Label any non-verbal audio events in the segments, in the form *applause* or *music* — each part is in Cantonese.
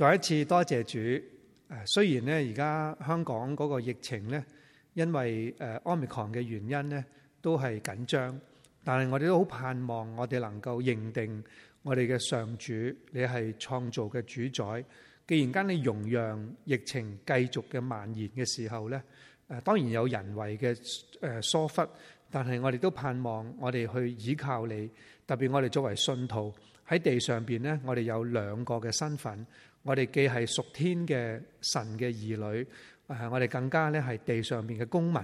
再一次多謝主。誒，雖然咧而家香港嗰個疫情咧，因為誒 Omicron 嘅原因咧，都係緊張，但係我哋都好盼望我哋能夠認定我哋嘅上主，你係創造嘅主宰。既然間你容讓疫情繼續嘅蔓延嘅時候咧，誒當然有人為嘅誒疏忽，但係我哋都盼望我哋去依靠你。特別我哋作為信徒喺地上邊咧，我哋有兩個嘅身份。我哋既係屬天嘅神嘅兒女，誒，我哋更加咧係地上面嘅公民，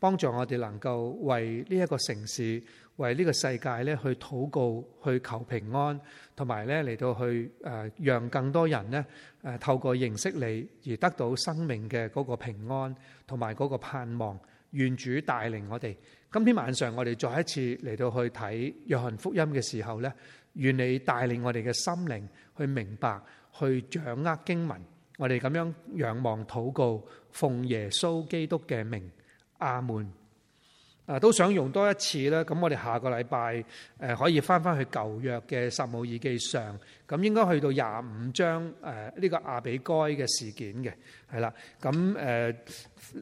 幫助我哋能夠為呢一個城市、為呢個世界咧去禱告、去求平安，同埋咧嚟到去誒，讓更多人咧誒透過認識你而得到生命嘅嗰個平安同埋嗰個盼望。願主帶領我哋，今天晚上我哋再一次嚟到去睇約翰福音嘅時候咧，願你帶領我哋嘅心靈去明白，去掌握經文，我哋咁樣仰望禱告，奉耶穌基督嘅名，阿門。啊，都想用多一次啦。咁我哋下個禮拜誒、呃、可以翻翻去舊約嘅撒母耳記上，咁應該去到廿五章誒呢、呃這個亞比該嘅事件嘅，係啦，咁誒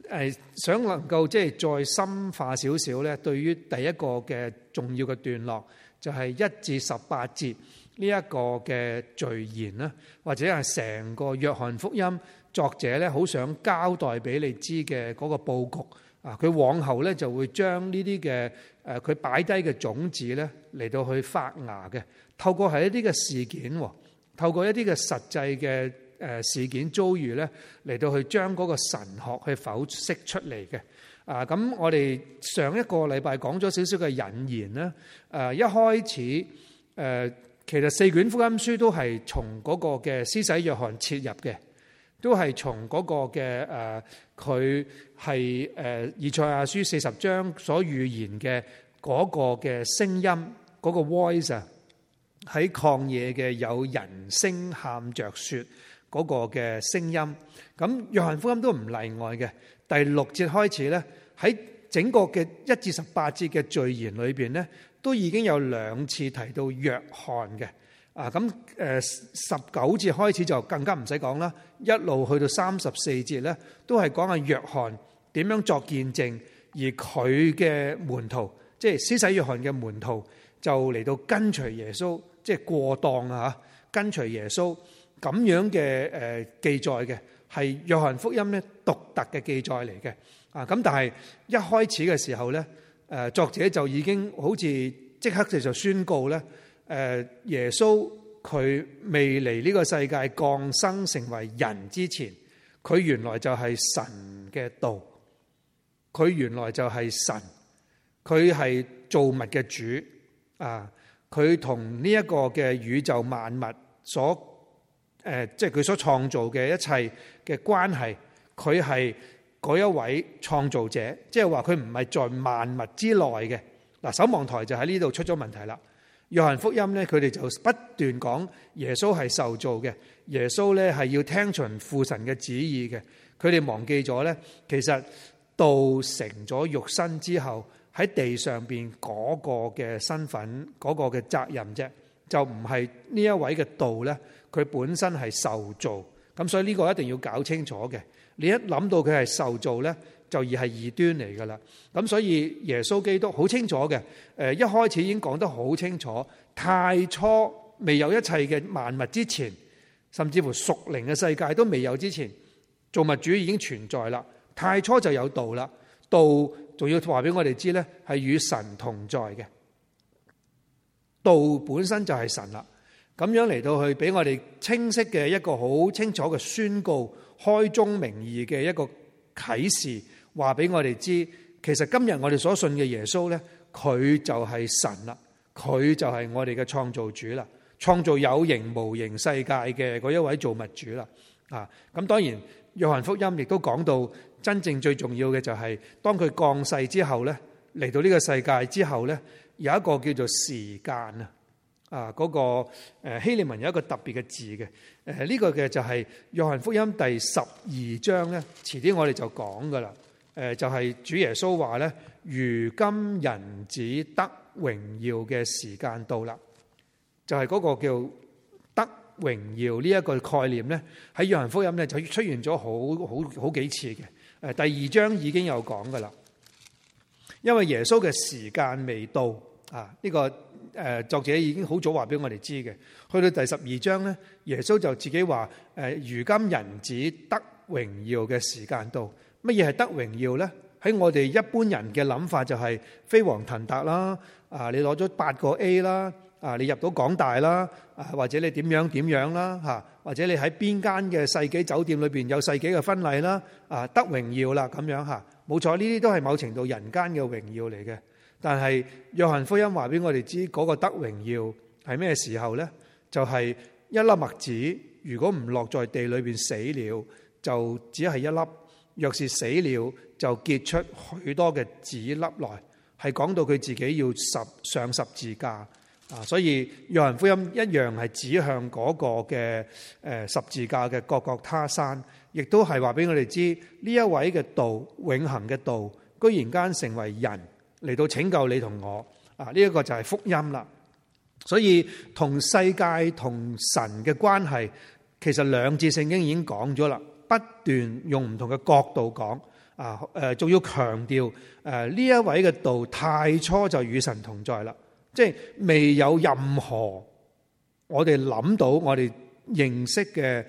誒想能夠即係再深化少少咧，對於第一個嘅重要嘅段落，就係、是、一至十八節。呢、這、一個嘅序言咧，或者係成個約翰福音作者咧，好想交代俾你知嘅嗰個佈局啊。佢往後咧就會將呢啲嘅誒佢擺低嘅種子咧嚟到去發芽嘅，透過係一啲嘅事件，透過一啲嘅實際嘅誒事件遭遇咧嚟到去將嗰個神學去剖析出嚟嘅啊。咁我哋上一個禮拜講咗少少嘅引言咧，誒一開始誒。呃其實四卷福音書都係從嗰個嘅施洗約翰切入嘅，都係從嗰個嘅誒，佢係誒以賽亞書四十章所預言嘅嗰個嘅聲音，嗰個 voice 啊，喺曠野嘅有人聲喊着説嗰個嘅聲音。咁約翰福音都唔例外嘅，第六節開始咧，喺整個嘅一至十八節嘅序言裏邊咧。都已經有兩次提到約翰嘅，啊咁十九節開始就更加唔使講啦，一路去到三十四節咧，都係講下約翰點樣作見證，而佢嘅門徒，即係施洗約翰嘅門徒，就嚟到跟隨耶穌，即係過檔啊，跟隨耶穌咁樣嘅誒記載嘅，係約翰福音咧獨特嘅記載嚟嘅，啊咁但係一開始嘅時候咧。誒作者就已經好似即刻就就宣告咧，誒耶穌佢未嚟呢個世界降生成為人之前，佢原來就係神嘅道，佢原來就係神，佢係造物嘅主啊！佢同呢一個嘅宇宙萬物所誒，即係佢所創造嘅一切嘅關係，佢係。嗰一位創造者，即係話佢唔係在萬物之內嘅。嗱，守望台就喺呢度出咗問題啦。約翰福音咧，佢哋就不斷講耶穌係受造嘅，耶穌咧係要聽循父神嘅旨意嘅。佢哋忘記咗咧，其實「道」成咗肉身之後喺地上邊嗰個嘅身份、嗰個嘅責任啫，就唔係呢一位嘅道咧。佢本身係受造，咁所以呢個一定要搞清楚嘅。你一諗到佢係受造咧，就已係異端嚟噶啦。咁所以耶穌基督好清楚嘅，誒一開始已經講得好清楚。太初未有一切嘅萬物之前，甚至乎屬靈嘅世界都未有之前，造物主已經存在啦。太初就有道啦，道仲要話俾我哋知咧，係與神同在嘅。道本身就係神啦。咁樣嚟到去俾我哋清晰嘅一個好清楚嘅宣告。開宗明義嘅一個啟示，話俾我哋知，其實今日我哋所信嘅耶穌呢，佢就係神啦，佢就係我哋嘅創造主啦，創造有形無形世界嘅嗰一位造物主啦。啊，咁當然，約翰福音亦都講到，真正最重要嘅就係，當佢降世之後呢，嚟到呢個世界之後呢，有一個叫做時間啊。啊！嗰個希利文有一個特別嘅字嘅，誒、這、呢個嘅就係約翰福音第十二章咧。遲啲我哋就講噶啦，誒就係、是、主耶穌話咧：如今人子得榮耀嘅時間到啦，就係、是、嗰個叫得榮耀呢一個概念咧，喺約翰福音咧就出現咗好好好幾次嘅。誒第二章已經有講噶啦，因為耶穌嘅時間未到啊，呢、這個。誒，作者已經好早話俾我哋知嘅。去到第十二章咧，耶穌就自己話：誒，如今人子得榮耀嘅時間到，乜嘢係得榮耀咧？喺我哋一般人嘅諗法就係飛黃騰達啦，啊，你攞咗八個 A 啦，啊，你入到港大啦，啊，或者你點樣點樣啦，吓，或者你喺邊間嘅世紀酒店裏邊有世紀嘅婚禮啦，啊，得榮耀啦，咁樣吓，冇錯，呢啲都係某程度人間嘅榮耀嚟嘅。但係約翰福音話俾我哋知，嗰個得榮耀係咩時候咧？就係、是、一粒麥子，如果唔落在地裏邊死了，就只係一粒；若是死了，就結出許多嘅子粒來。係講到佢自己要十上十字架啊！所以約翰福音一樣係指向嗰個嘅誒十字架嘅各各他山，亦都係話俾我哋知呢一位嘅道永恒嘅道，居然間成為人。嚟到拯救你同我啊！呢一個就係福音啦。所以同世界同神嘅關係，其實兩節聖經已經講咗啦。不斷用唔同嘅角度講啊！誒，仲要強調誒，呢一位嘅道太初就與神同在啦。即係未有任何我哋諗到我哋認識嘅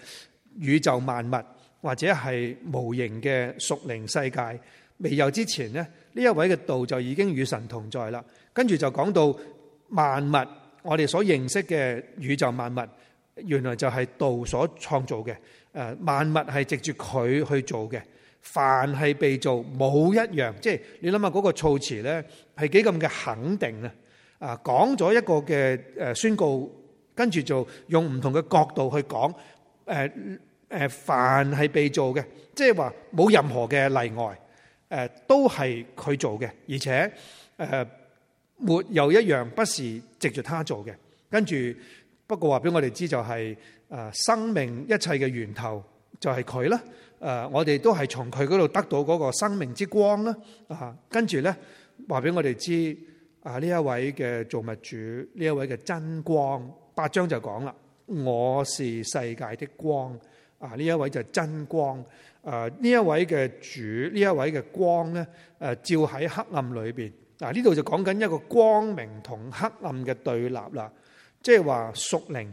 宇宙萬物或者係無形嘅屬靈世界未有之前呢。呢一位嘅道就已經與神同在啦，跟住就講到萬物，我哋所認識嘅宇宙萬物，原來就係道所創造嘅。誒，萬物係藉住佢去做嘅，凡係被造，冇一樣。即係你諗下嗰個措辭咧，係幾咁嘅肯定啊！啊，講咗一個嘅誒宣告，跟住就用唔同嘅角度去講，誒誒，凡係被造嘅，即係話冇任何嘅例外。誒，都係佢做嘅，而且誒、呃，沒有一樣不是藉住他做嘅。跟住，不過話俾我哋知就係，誒，生命一切嘅源頭就係佢啦。誒、呃，我哋都係從佢嗰度得到嗰個生命之光啦。啊，跟住咧，話俾我哋知，啊呢一位嘅造物主，呢一位嘅真光，八章就講啦，我是世界的光。啊，呢一位就係真光。誒呢一位嘅主，這的呢一位嘅光咧，誒、呃、照喺黑暗裏邊。嗱、呃，呢度就講緊一個光明同黑暗嘅對立啦。即係話屬靈，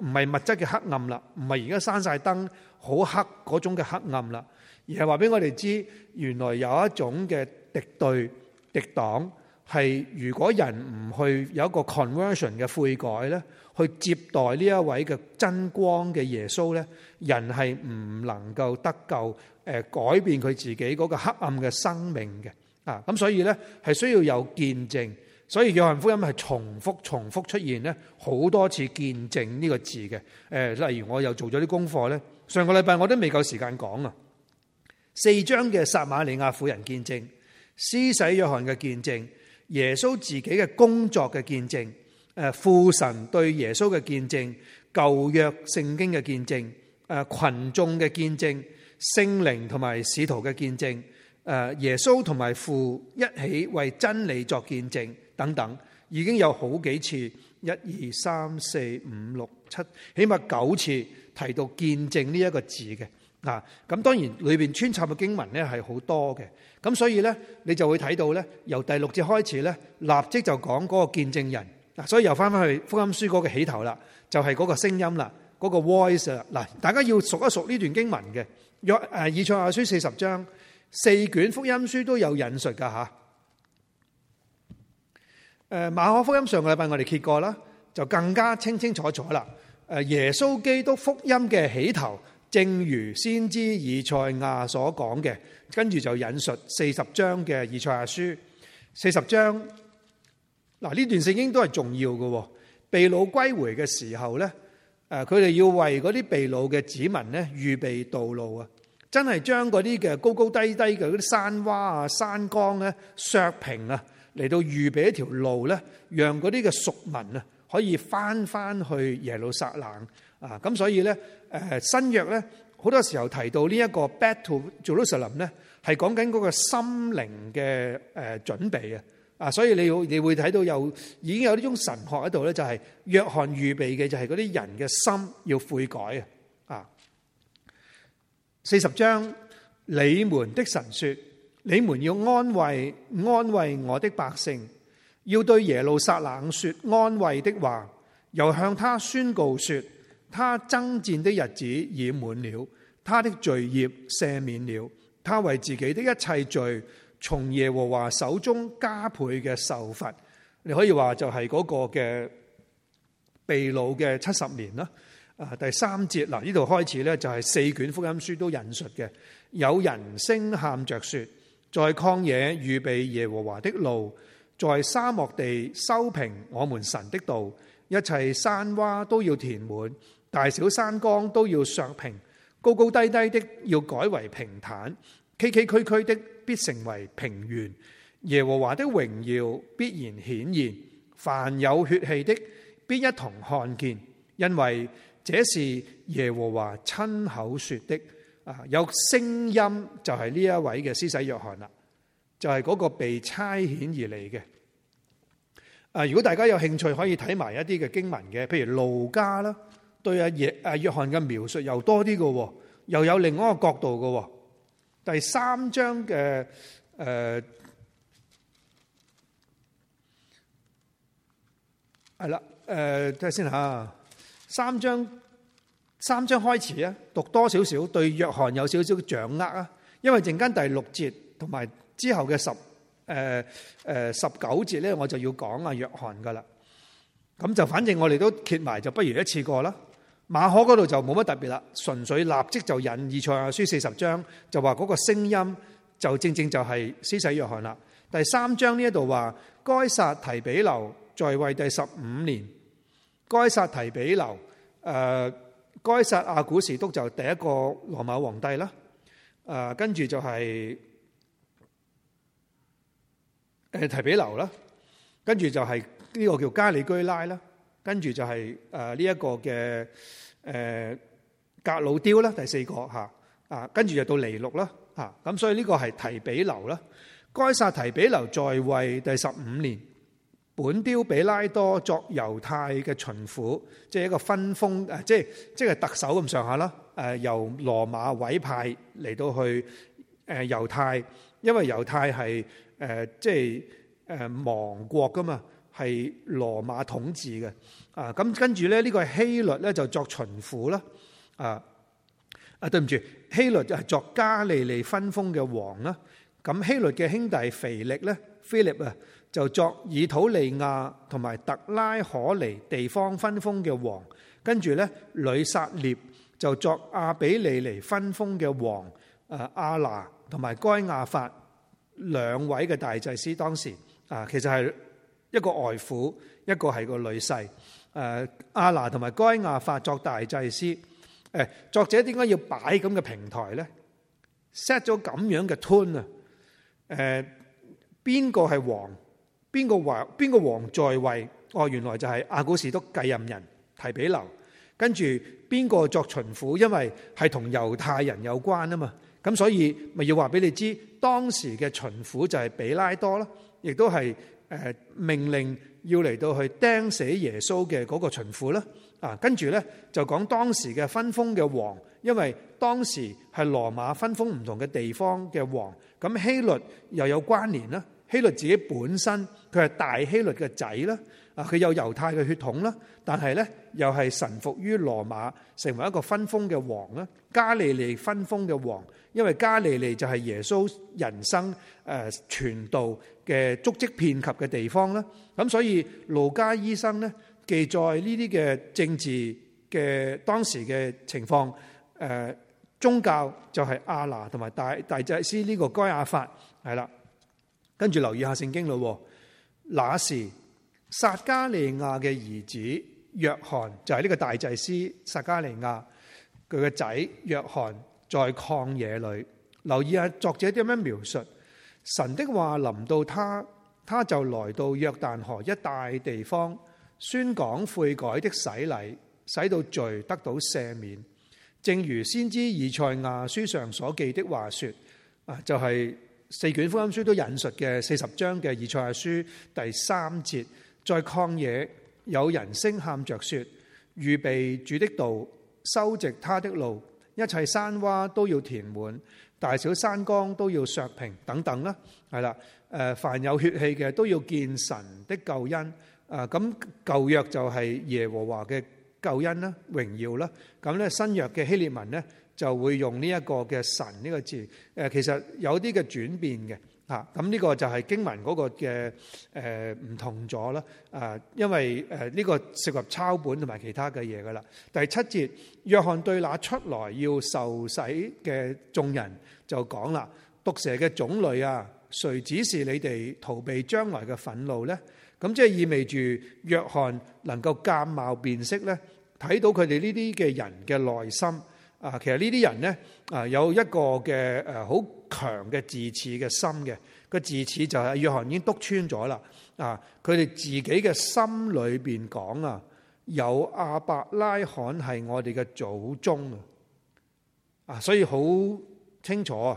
唔係物質嘅黑暗啦，唔係而家閂晒燈好黑嗰種嘅黑暗啦，而係話俾我哋知，原來有一種嘅敵對、敵黨，係如果人唔去有一個 conversion 嘅悔改咧。去接待呢一位嘅真光嘅耶穌咧，人係唔能夠得救，誒改變佢自己嗰個黑暗嘅生命嘅啊！咁所以咧係需要有見證，所以約翰福音係重複重複出現咧好多次見證呢個字嘅。誒，例如我又做咗啲功課咧，上個禮拜我都未夠時間講啊，四章嘅撒瑪利亞婦人見證，施洗約翰嘅見證，耶穌自己嘅工作嘅見證。誒，父神對耶穌嘅見證，舊約聖經嘅見證，誒，群眾嘅見證，聖靈同埋使徒嘅見證，誒，耶穌同埋父一起為真理作見證等等，已經有好幾次，一二三四五六七，起碼九次提到見證呢一個字嘅嗱。咁當然裏邊穿插嘅經文咧係好多嘅，咁所以咧你就會睇到咧由第六節開始咧立即就講嗰個見證人。所以又翻翻去福音書嗰個起頭啦，就係嗰個聲音啦，嗰個 voice 啦。嗱，大家要熟一熟呢段經文嘅，約誒，以賽亞書四十章，四卷福音書都有引述噶吓。誒，馬可福音上個禮拜我哋揭過啦，就更加清清楚楚啦。誒，耶穌基督福音嘅起頭，正如先知以賽亞所講嘅，跟住就引述四十章嘅以賽亞書四十章。嗱，呢段聖經都係重要嘅。被擄歸回嘅時候咧，誒，佢哋要為嗰啲被擄嘅子民咧預備道路啊！真係將嗰啲嘅高高低低嘅啲山洼啊、山崗咧削平啊，嚟到預備一條路咧，讓嗰啲嘅屬民啊可以翻翻去耶路撒冷啊！咁所以咧，誒，新約咧好多時候提到呢一個 Battle to Jerusalem 咧，係講緊嗰個心靈嘅誒準備啊。啊！所以你要你會睇到有已經有呢種神學喺度咧，就係約翰預備嘅就係嗰啲人嘅心要悔改啊！四十章你們的神說：你們要安慰安慰我的百姓，要對耶路撒冷說安慰的話，又向他宣告說：他爭戰的日子已滿了，他的罪孽赦免了，他為自己的一切罪。從耶和華手中加倍嘅受罰，你可以話就係嗰個嘅被擄嘅七十年啦。啊，第三節嗱，呢度開始咧就係四卷福音書都引述嘅。有人聲喊着說：在曠野預備耶和華的路，在沙漠地修平我們神的道，一切山窪都要填滿，大小山崗都要削平，高高低低的要改為平坦。崎崎嶇嶇的必成為平原，耶和華的榮耀必然顯現，凡有血氣的必一同看見，因為這是耶和華親口說的。啊，有聲音就係呢一位嘅施洗約翰啦，就係嗰個被差遣而嚟嘅。啊，如果大家有興趣，可以睇埋一啲嘅經文嘅，譬如路加啦，對阿耶阿約翰嘅描述又多啲嘅，又有另外一個角度嘅。第三章嘅誒係啦，誒睇下先吓，三章三章開始啊，讀多少少對約翰有少少嘅掌握啊，因為陣間第六節同埋之後嘅十誒誒、呃、十九節咧，我就要講啊約翰噶啦，咁就反正我哋都揭埋，就不如一次過啦。馬可嗰度就冇乜特別啦，純粹立即就引《以賽亞書》四十章，就話嗰個聲音就正正就係施洗約翰啦。第三章呢一度話該撒提比留在位第十五年，該撒提比留，誒、呃，該撒亞古士督就第一個羅馬皇帝啦，誒、呃，跟住就係、是、誒、呃、提比留啦，跟住就係呢個叫加里居拉啦。跟住就係誒呢一個嘅誒格魯雕啦，第四個嚇啊，跟住就到尼祿啦嚇，咁所以呢個係提比留啦。該撒提比留在位第十五年，本雕彼拉多作猶太嘅巡撫，即係一個分封，即即係特首咁上下啦。誒由羅馬委派嚟到去誒猶太，因為猶太係誒即係誒亡國㗎嘛。係羅馬統治嘅，啊，咁跟住咧呢，這個希律咧就作巡撫啦，啊，啊對唔住，希律就作加利利分封嘅王啦。咁，啊，希律嘅兄弟腓力咧，菲利普啊，就作以土利亞同埋特拉可尼地方分封嘅王。跟住咧，呂撒列就作阿比利尼分封嘅王。啊，亞拿同埋該亞法兩位嘅大祭司，當時啊，其實係。一個外父，一個係個女婿。誒、啊，亞拿同埋該亞法作大祭司。誒，作者點解要擺咁嘅平台咧？set 咗咁樣嘅 tone 啊！誒，邊個係王？邊個王？邊個王在位？哦，原來就係亞古士都繼任人提比留。跟住邊個作巡撫？因為係同猶太人有關啊嘛。咁所以咪要話俾你知，當時嘅巡撫就係彼拉多啦，亦都係。誒、呃、命令要嚟到去釘死耶穌嘅嗰個巡撫啦，啊，跟住咧就講當時嘅分封嘅王，因為當時係羅馬分封唔同嘅地方嘅王，咁希律又有關聯啦，希律自己本身佢係大希律嘅仔啦。啊！佢有猶太嘅血統啦，但係咧又係臣服於羅馬，成為一個分封嘅王啦。加利利分封嘅王，因為加利利就係耶穌人生誒傳道嘅足跡遍及嘅地方啦。咁所以路加醫生咧記載呢啲嘅政治嘅當時嘅情況誒，宗教就係亞拿同埋大大祭司呢個該亞法。係啦，跟住留意下聖經咯，那時。撒加利亞嘅兒子約翰就係、是、呢個大祭司撒加利亞佢嘅仔約翰在曠野裏，留意下、啊、作者點樣描述神的話臨到他，他就來到約旦河一帶地方，宣講悔改的洗禮，使到罪得到赦免。正如先知以賽亞書上所記的話說，啊就係、是、四卷福音書都引述嘅四十章嘅以賽亞書第三節。在曠野，有人聲喊着說：預備主的道，修直他的路，一切山窪都要填滿，大小山岡都要削平，等等啦，係啦，誒，凡有血氣嘅都要見神的救恩。啊，咁舊約就係耶和華嘅救恩啦，榮耀啦。咁咧新約嘅希臘文呢就會用呢一個嘅神呢個字。誒，其實有啲嘅轉變嘅。啊、嗯、咁、這、呢個就係經文嗰個嘅，誒唔同咗啦。啊、呃，因為誒呢、呃，這個涉及抄本同埋其他嘅嘢噶啦。第七節，約翰對那出來要受洗嘅眾人就講啦：毒蛇嘅種類啊，誰指示你哋逃避將來嘅憤怒咧？咁、嗯、即係意味住約翰能夠鑑貌辨色咧，睇到佢哋呢啲嘅人嘅內心。啊、呃，其實這些人呢啲人咧，啊、呃、有一個嘅誒好。呃強嘅自恃嘅心嘅，個自恃就係約翰已經督穿咗啦啊！佢哋自己嘅心裏邊講啊，有阿伯拉罕係我哋嘅祖宗啊，所以好清楚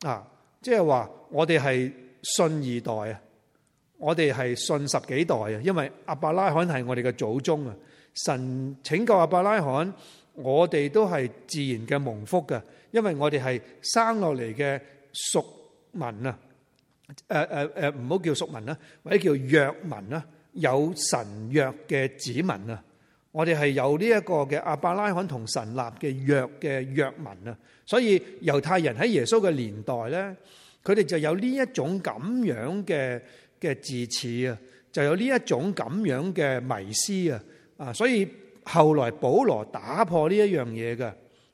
啊，即係話我哋係信二代啊，我哋係信十幾代啊，因為阿伯拉罕係我哋嘅祖宗啊，神拯救阿伯拉罕，我哋都係自然嘅蒙福嘅。因為我哋係生落嚟嘅屬民啊，誒誒誒，唔好叫屬民啦，或者叫約民啦，有神約嘅子民啊，我哋係有呢一個嘅亞伯拉罕同神立嘅約嘅約民啊，所以猶太人喺耶穌嘅年代咧，佢哋就有呢一種咁樣嘅嘅自恃啊，就有呢一種咁樣嘅迷思啊，啊，所以後來保羅打破呢一樣嘢嘅。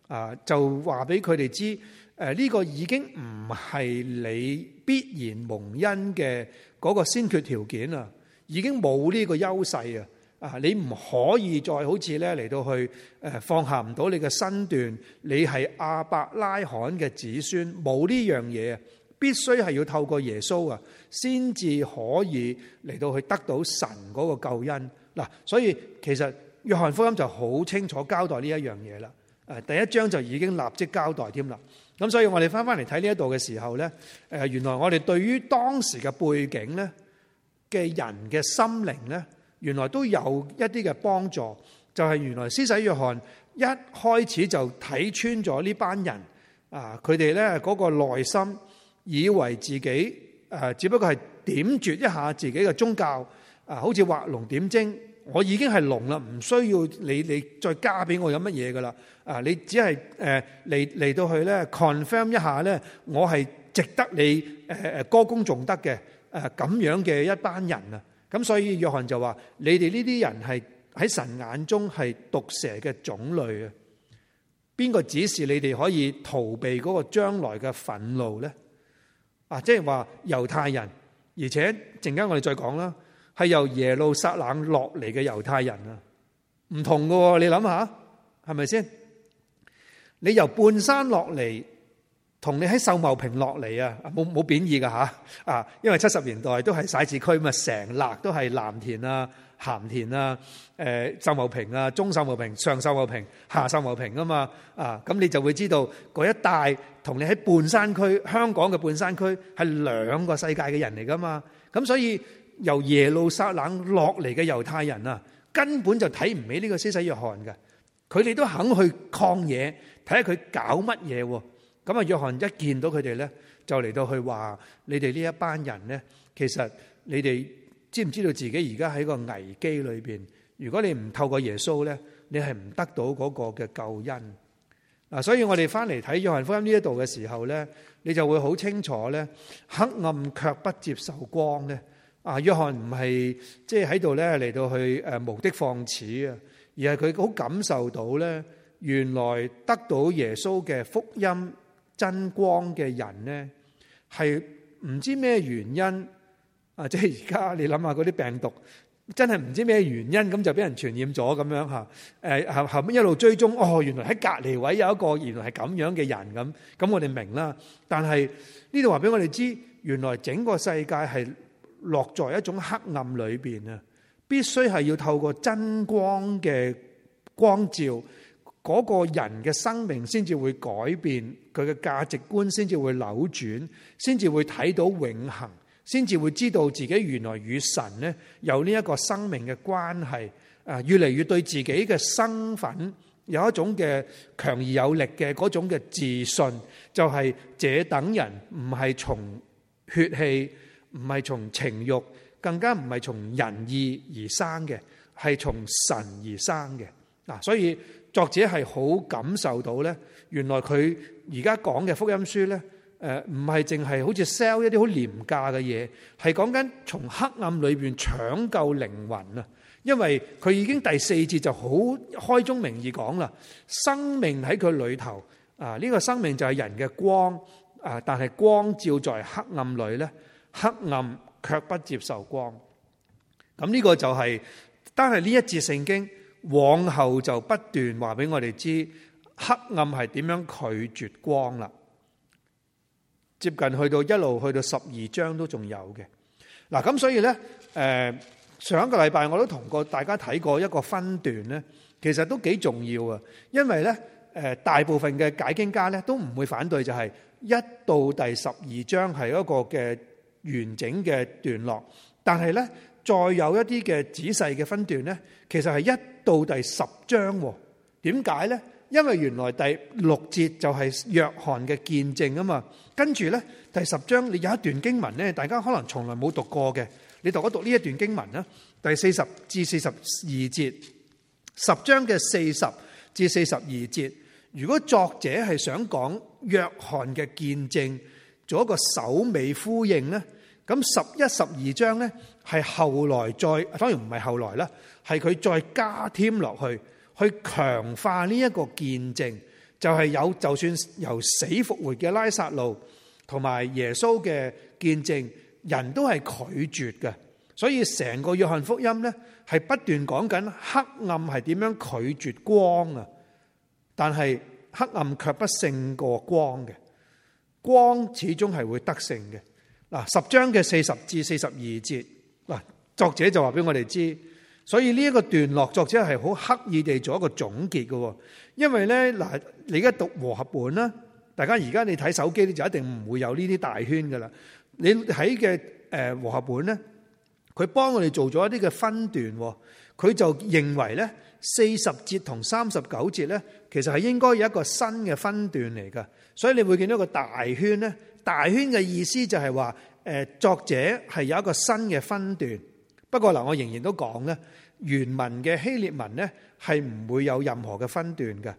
啊！就話俾佢哋知，誒呢個已經唔係你必然蒙恩嘅嗰個先決條件啊，已經冇呢個優勢啊！啊，你唔可以再好似咧嚟到去誒放下唔到你嘅身段，你係亞伯拉罕嘅子孫，冇呢樣嘢啊，必須係要透過耶穌啊，先至可以嚟到去得到神嗰個救恩嗱。所以其實約翰福音就好清楚交代呢一樣嘢啦。誒第一章就已經立即交代添啦，咁所以我哋翻翻嚟睇呢一度嘅時候呢，誒原來我哋對於當時嘅背景呢，嘅人嘅心靈呢，原來都有一啲嘅幫助，就係、是、原來施洗約翰一開始就睇穿咗呢班人啊，佢哋呢嗰個內心以為自己誒，只不過係點綴一下自己嘅宗教啊，好似畫龍點睛。我已經係聾啦，唔需要你你再加俾我有乜嘢噶啦啊！你只係誒嚟嚟到去咧 confirm 一下咧，我係值得你誒誒、呃、歌功頌德嘅，誒咁樣嘅一班人啊！咁所以約翰就話：你哋呢啲人係喺神眼中係毒蛇嘅種類啊！邊個指示你哋可以逃避嗰個將來嘅憤怒咧？啊，即係話猶太人，而且陣間我哋再講啦。係由耶路撒冷落嚟嘅猶太人啊，唔同噶，你諗下，係咪先？你由半山落嚟，同你喺秀茂坪落嚟啊，冇冇貶義噶吓啊？因為七十年代都係徙置區，嘛，成笪都係藍田啊、咸田啊、誒、呃、秀茂坪啊、中秀茂坪、上秀茂坪、下秀茂坪噶嘛啊，咁你就會知道嗰一帶同你喺半山區香港嘅半山區係兩個世界嘅人嚟噶嘛，咁所以。由耶路撒冷落嚟嘅猶太人啊，根本就睇唔起呢個施洗約翰嘅，佢哋都肯去抗嘢，睇下佢搞乜嘢。咁啊，約翰一見到佢哋咧，就嚟到去話：你哋呢一班人咧，其實你哋知唔知道自己而家喺個危機裏邊？如果你唔透過耶穌咧，你係唔得到嗰個嘅救恩。嗱，所以我哋翻嚟睇約翰福音呢一度嘅時候咧，你就會好清楚咧，黑暗卻不接受光咧。啊，約翰唔係即係喺度咧嚟到去誒無的放矢啊，而係佢好感受到咧，原來得到耶穌嘅福音真光嘅人咧，係唔知咩原因啊！即係而家你諗下嗰啲病毒，真係唔知咩原因咁就俾人傳染咗咁樣吓。誒後後尾一路追蹤，哦原來喺隔籬位有一個原來係咁樣嘅人咁，咁我哋明啦。但係呢度話俾我哋知，原來整個世界係。落在一種黑暗裏邊啊！必須係要透過真光嘅光照，嗰個人嘅生命先至會改變，佢嘅價值觀先至會扭轉，先至會睇到永恆，先至會知道自己原來與神咧有呢一個生命嘅關係，越嚟越對自己嘅身份有一種嘅強而有力嘅嗰種嘅自信，就係這等人唔係從血氣。唔係從情慾，更加唔係從人意而生嘅，係從神而生嘅。嗱，所以作者係好感受到咧，原來佢而家講嘅福音書咧，誒，唔係淨係好似 sell 一啲好廉價嘅嘢，係講緊從黑暗裏邊搶救靈魂啊！因為佢已經第四節就好開宗明義講啦，生命喺佢裏頭啊，呢個生命就係人嘅光啊，但係光照在黑暗裏咧。黑暗卻不接受光，咁呢個就係、是，單係呢一節聖經往後就不斷話俾我哋知黑暗係點樣拒絕光啦。接近去到一路去到十二章都仲有嘅。嗱咁所以呢，誒，上一個禮拜我都同個大家睇過一個分段呢，其實都幾重要啊，因為呢誒，大部分嘅解經家呢都唔會反對就係一到第十二章係一個嘅。完整嘅段落，但係呢，再有一啲嘅仔細嘅分段呢，其實係一到第十章。點解呢？因為原來第六節就係約翰嘅見證啊嘛。跟住呢，第十章你有一段經文呢，大家可能從來冇讀過嘅。你讀一讀呢一段經文啦，第四十至四十二節，十章嘅四十至四十二節。如果作者係想講約翰嘅見證，做一個首尾呼應呢。咁十一、十二章咧，係後來再，當然唔係後來啦，係佢再加添落去，去強化呢一個見證，就係、是、有就算由死復活嘅拉撒路同埋耶穌嘅見證，人都係拒絕嘅。所以成個約翰福音咧，係不斷講緊黑暗係點樣拒絕光啊！但係黑暗卻不勝過光嘅，光始終係會得勝嘅。嗱，十章嘅四十至四十二節，嗱，作者就話俾我哋知，所以呢一個段落作者係好刻意地做一個總結嘅，因為咧，嗱，你而家讀和合本啦，大家而家你睇手機咧就一定唔會有呢啲大圈㗎喇，你睇嘅誒和合本咧，佢幫我哋做咗一啲嘅分段，佢就認為咧，四十節同三十九節咧，其實係應該有一個新嘅分段嚟㗎，所以你會見到一個大圈咧。大圈嘅意思就係話，誒作者係有一個新嘅分段。不過嗱，我仍然都講咧，原文嘅希臘文咧係唔會有任何嘅分段嘅，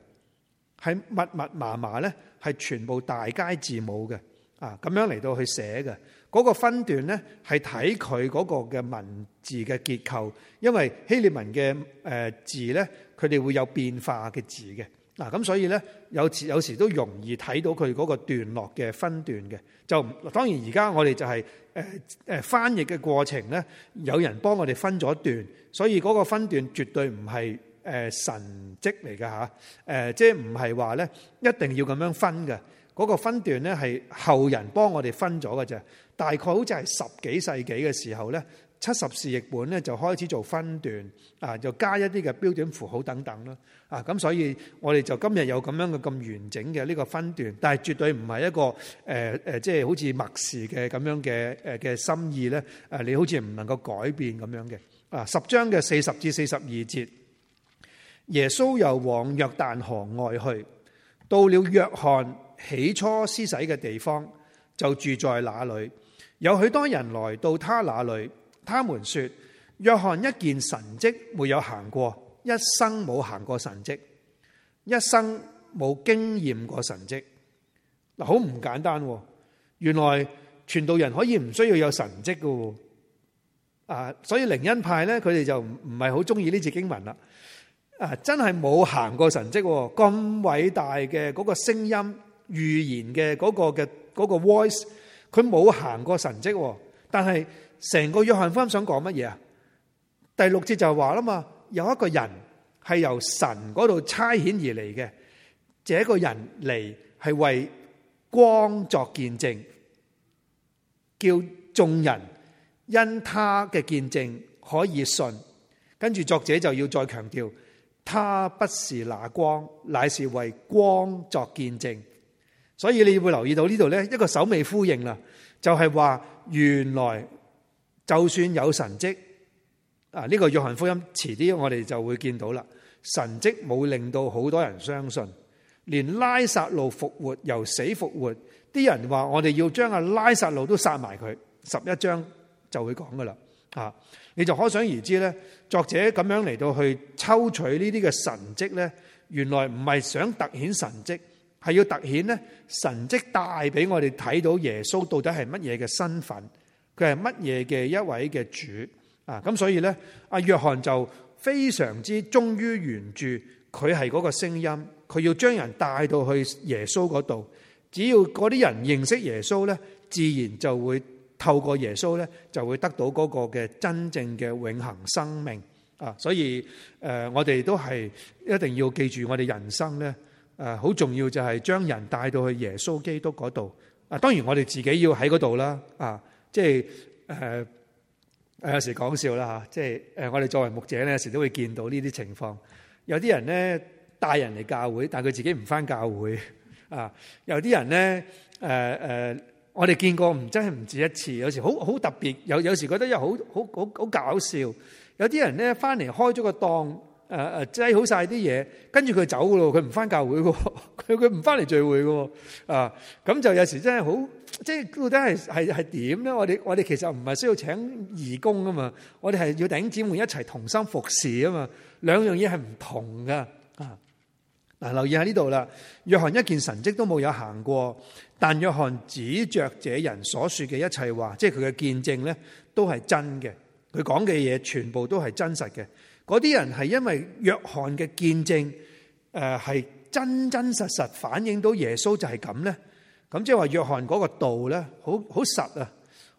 係密密麻麻咧係全部大楷字母嘅，啊咁樣嚟到去寫嘅。嗰、那個分段咧係睇佢嗰個嘅文字嘅結構，因為希臘文嘅誒字咧，佢哋會有變化嘅字嘅。嗱咁所以咧有時有時都容易睇到佢嗰個段落嘅分段嘅，就當然而家我哋就係、是、誒、呃呃、翻譯嘅過程咧，有人幫我哋分咗段，所以嗰個分段絕對唔係、呃、神蹟嚟嘅吓，誒、呃、即係唔係話咧一定要咁樣分嘅，嗰、嗰個分段咧係後人幫我哋分咗嘅啫，大概好似係十幾世紀嘅時候咧。七十士譯本咧就開始做分段，啊，就加一啲嘅標點符號等等咯，啊，咁所以我哋就今日有咁樣嘅咁完整嘅呢個分段，但係絕對唔係一個誒誒，即係好似默示嘅咁樣嘅誒嘅心意咧，誒，你好似唔能夠改變咁樣嘅，啊，十章嘅四十至四十二節，耶穌又往約旦河外去，到了約翰起初施洗嘅地方，就住在那裏，有許多人來到他那裏。他們說，約翰一件神蹟沒有行過，一生冇行過神蹟，一生冇經驗過神蹟。嗱，好唔簡單。原來傳道人可以唔需要有神蹟噶。啊，所以靈恩派咧，佢哋就唔唔係好中意呢節經文啦。啊，真係冇行過神蹟，咁偉大嘅嗰個聲音預言嘅嗰個嘅嗰個 voice，佢冇行過神蹟，但係。成個約翰福音想講乜嘢啊？第六節就話啦嘛，有一個人係由神嗰度差遣而嚟嘅，這個人嚟係為光作見證，叫眾人因他嘅見證可以信。跟住作者就要再強調，他不是那光，乃是為光作見證。所以你會留意到呢度咧，一個首尾呼應啦，就係、是、話原來。就算有神蹟，啊、這、呢個約翰福音遲啲我哋就會見到啦。神蹟冇令到好多人相信，連拉撒路復活由死復活，啲人話我哋要將阿拉撒路都殺埋佢。十一章就會講噶啦，你就可想而知咧。作者咁樣嚟到去抽取呢啲嘅神蹟咧，原來唔係想凸顯神蹟，係要凸顯咧神蹟帶俾我哋睇到耶穌到底係乜嘢嘅身份。佢係乜嘢嘅一位嘅主啊？咁所以呢，阿約翰就非常之忠於原著，佢係嗰個聲音，佢要將人帶到去耶穌嗰度。只要嗰啲人認識耶穌呢，自然就會透過耶穌呢，就會得到嗰個嘅真正嘅永恒生命啊！所以誒，我哋都係一定要記住，我哋人生呢誒好重要，就係將人帶到去耶穌基督嗰度。啊，當然我哋自己要喺嗰度啦，啊。即係誒誒有時講笑啦嚇，即係誒我哋作為牧者咧，有時都會見到呢啲情況。有啲人咧帶人嚟教會，但係佢自己唔翻教會啊。有啲人咧誒誒，我哋見過唔真係唔止一次。有時好好特別，有有時覺得又好好好好搞笑。有啲人咧翻嚟開咗個檔，誒誒擠好晒啲嘢，跟住佢走㗎咯，佢唔翻教會嘅，佢佢唔翻嚟聚會嘅啊。咁就有時真係好。即係到底係係係點咧？我哋我哋其實唔係需要請義工啊嘛，我哋係要弟兄姊妹一齊同心服侍啊嘛，兩樣嘢係唔同噶啊！嗱，留意喺呢度啦。約翰一件神蹟都冇有行過，但約翰指着這人所說嘅一切話，即係佢嘅見證咧，都係真嘅。佢講嘅嘢全部都係真實嘅。嗰啲人係因為約翰嘅見證誒，係、呃、真真實實反映到耶穌就係咁咧。咁即係話約翰嗰個道咧，好好實啊，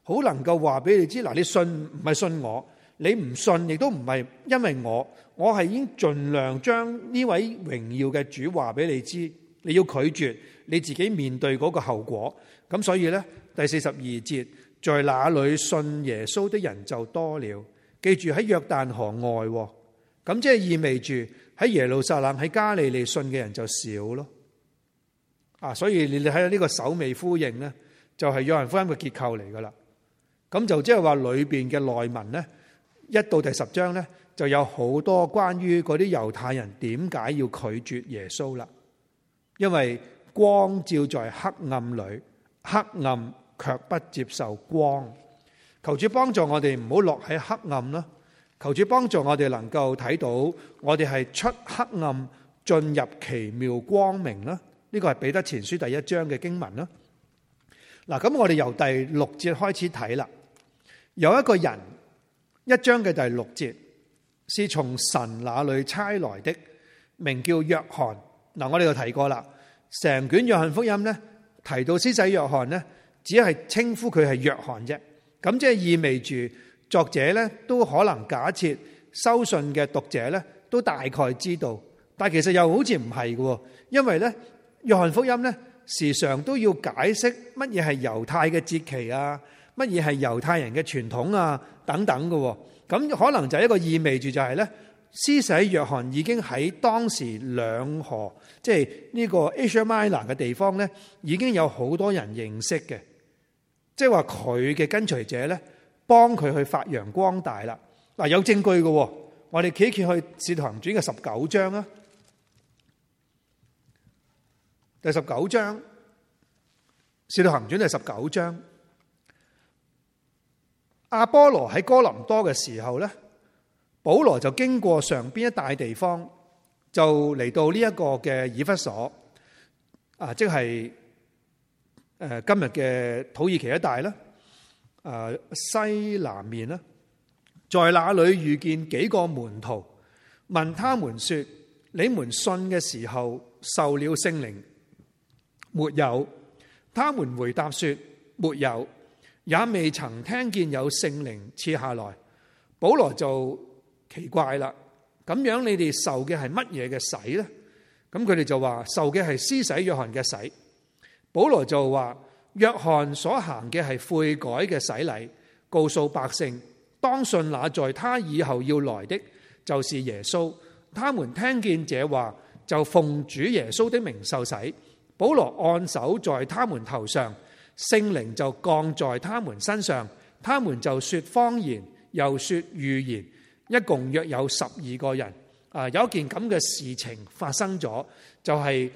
好能夠話俾你知。嗱，你信唔係信我，你唔信亦都唔係因為我，我係已經盡量將呢位榮耀嘅主話俾你知。你要拒絕你自己面對嗰個後果。咁所以咧，第四十二節，在那裏信耶穌的人就多了。記住喺約旦河外，咁即係意味住喺耶路撒冷喺加利利信嘅人就少咯。啊，所以你你喺呢個首尾呼應咧，就係、是《約翰福音》嘅結構嚟噶啦。咁就即係話裏面嘅內文咧，一到第十章咧，就有好多關於嗰啲猶太人點解要拒絕耶穌啦。因為光照在黑暗裏，黑暗卻不接受光。求主幫助我哋唔好落喺黑暗啦。求主幫助我哋能夠睇到我哋係出黑暗進入奇妙光明啦。呢個係彼得前書第一章嘅經文啦。嗱，咁我哋由第六節開始睇啦。有一個人，一章嘅第六節，是從神那裡差來的，名叫約翰。嗱，我哋就提過啦，成卷約翰福音咧，提到施洗約翰咧，只係稱呼佢係約翰啫。咁即係意味住作者咧，都可能假設收信嘅讀者咧，都大概知道。但係其實又好似唔係嘅，因為咧。約翰福音咧，時常都要解釋乜嘢係猶太嘅節期啊，乜嘢係猶太人嘅傳統啊，等等嘅。咁可能就係一個意味住就係、是、咧，施洗約翰已經喺當時兩河，即係呢個 Asia Minor 嘅地方咧，已經有好多人認識嘅。即係話佢嘅跟隨者咧，幫佢去發揚光大啦。嗱，有證據嘅，我哋企一企去《使徒行傳》嘅十九章啊。第十九章《使徒行傳》第十九章，阿波羅喺哥林多嘅時候咧，保羅就經過上邊一帶地方，就嚟到呢一個嘅以弗所，啊，即係誒今日嘅土耳其一帶啦，啊西南面啦、啊，在那裡遇見幾個門徒，問他們說：你們信嘅時候受了聖靈？沒有，他們回答說沒有，也未曾聽見有聖靈賜下來。保羅就奇怪啦，咁樣你哋受嘅係乜嘢嘅洗呢？咁佢哋就話受嘅係施洗約翰嘅洗。保羅就話約翰所行嘅係悔改嘅洗禮，告訴百姓當信那在他以後要來的就是耶穌。他們聽見這話就奉主耶穌的名受洗。保羅按手在他們頭上，聖靈就降在他們身上，他們就說方言，又說預言，一共約有十二個人。啊，有一件咁嘅事情發生咗，就係、是、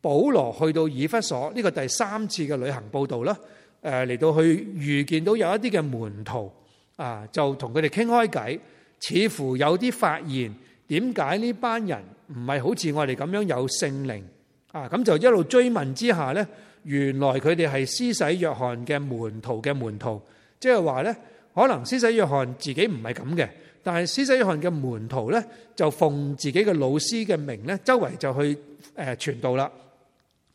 保羅去到以弗所呢、這個第三次嘅旅行報道啦。誒，嚟到去遇見到有一啲嘅門徒啊，就同佢哋傾開偈，似乎有啲發現，點解呢班人唔係好似我哋咁樣有聖靈？啊，咁就一路追問之下咧，原來佢哋係施洗約翰嘅門徒嘅門徒，即係話咧，可能施洗約翰自己唔係咁嘅，但係施洗約翰嘅門徒咧，就奉自己嘅老師嘅名咧，周圍就去誒傳道啦，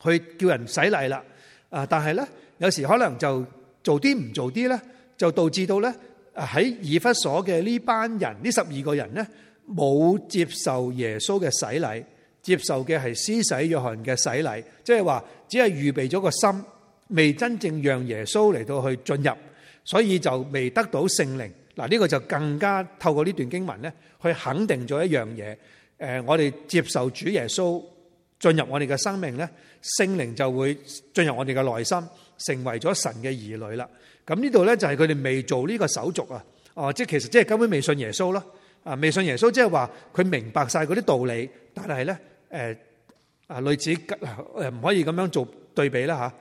去叫人洗禮啦。啊，但係咧，有時可能就做啲唔做啲咧，就導致到咧喺以弗所嘅呢班人，呢十二個人咧，冇接受耶穌嘅洗禮。接受嘅係施洗約翰嘅洗禮，即係話只係預備咗個心，未真正讓耶穌嚟到去進入，所以就未得到聖靈。嗱呢個就更加透過呢段經文咧，去肯定咗一樣嘢。誒，我哋接受主耶穌進入我哋嘅生命咧，聖靈就會進入我哋嘅內心，成為咗神嘅兒女啦。咁呢度咧就係佢哋未做呢個手續啊。哦，即係其實即係根本未信耶穌咯。啊，未信耶穌，即係話佢明白晒嗰啲道理，但係咧。誒啊，類似嗱，唔可以咁樣做對比啦嚇。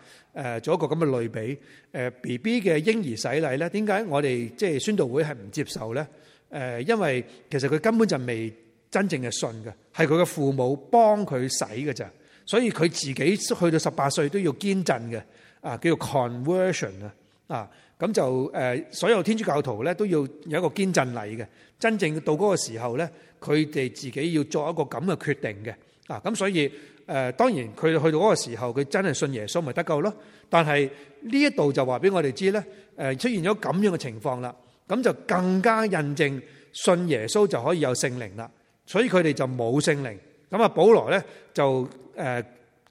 誒做一個咁嘅類比，誒 B B 嘅嬰兒洗禮咧，點解我哋即係宣道會係唔接受咧？誒，因為其實佢根本就未真正嘅信嘅，係佢嘅父母幫佢洗嘅咋，所以佢自己去到十八歲都要堅振嘅，啊，叫做 conversion 啊，啊，咁就誒，所有天主教徒咧都要有一個堅振禮嘅。真正到嗰個時候咧，佢哋自己要做一個咁嘅決定嘅。嗱、啊、咁所以誒、呃、當然佢去到嗰個時候，佢真係信耶穌咪得救咯。但係呢一度就話俾我哋知咧，誒、呃、出現咗咁樣嘅情況啦，咁就更加印證信耶穌就可以有聖靈啦。所以佢哋就冇聖靈。咁、嗯、啊，保羅咧就誒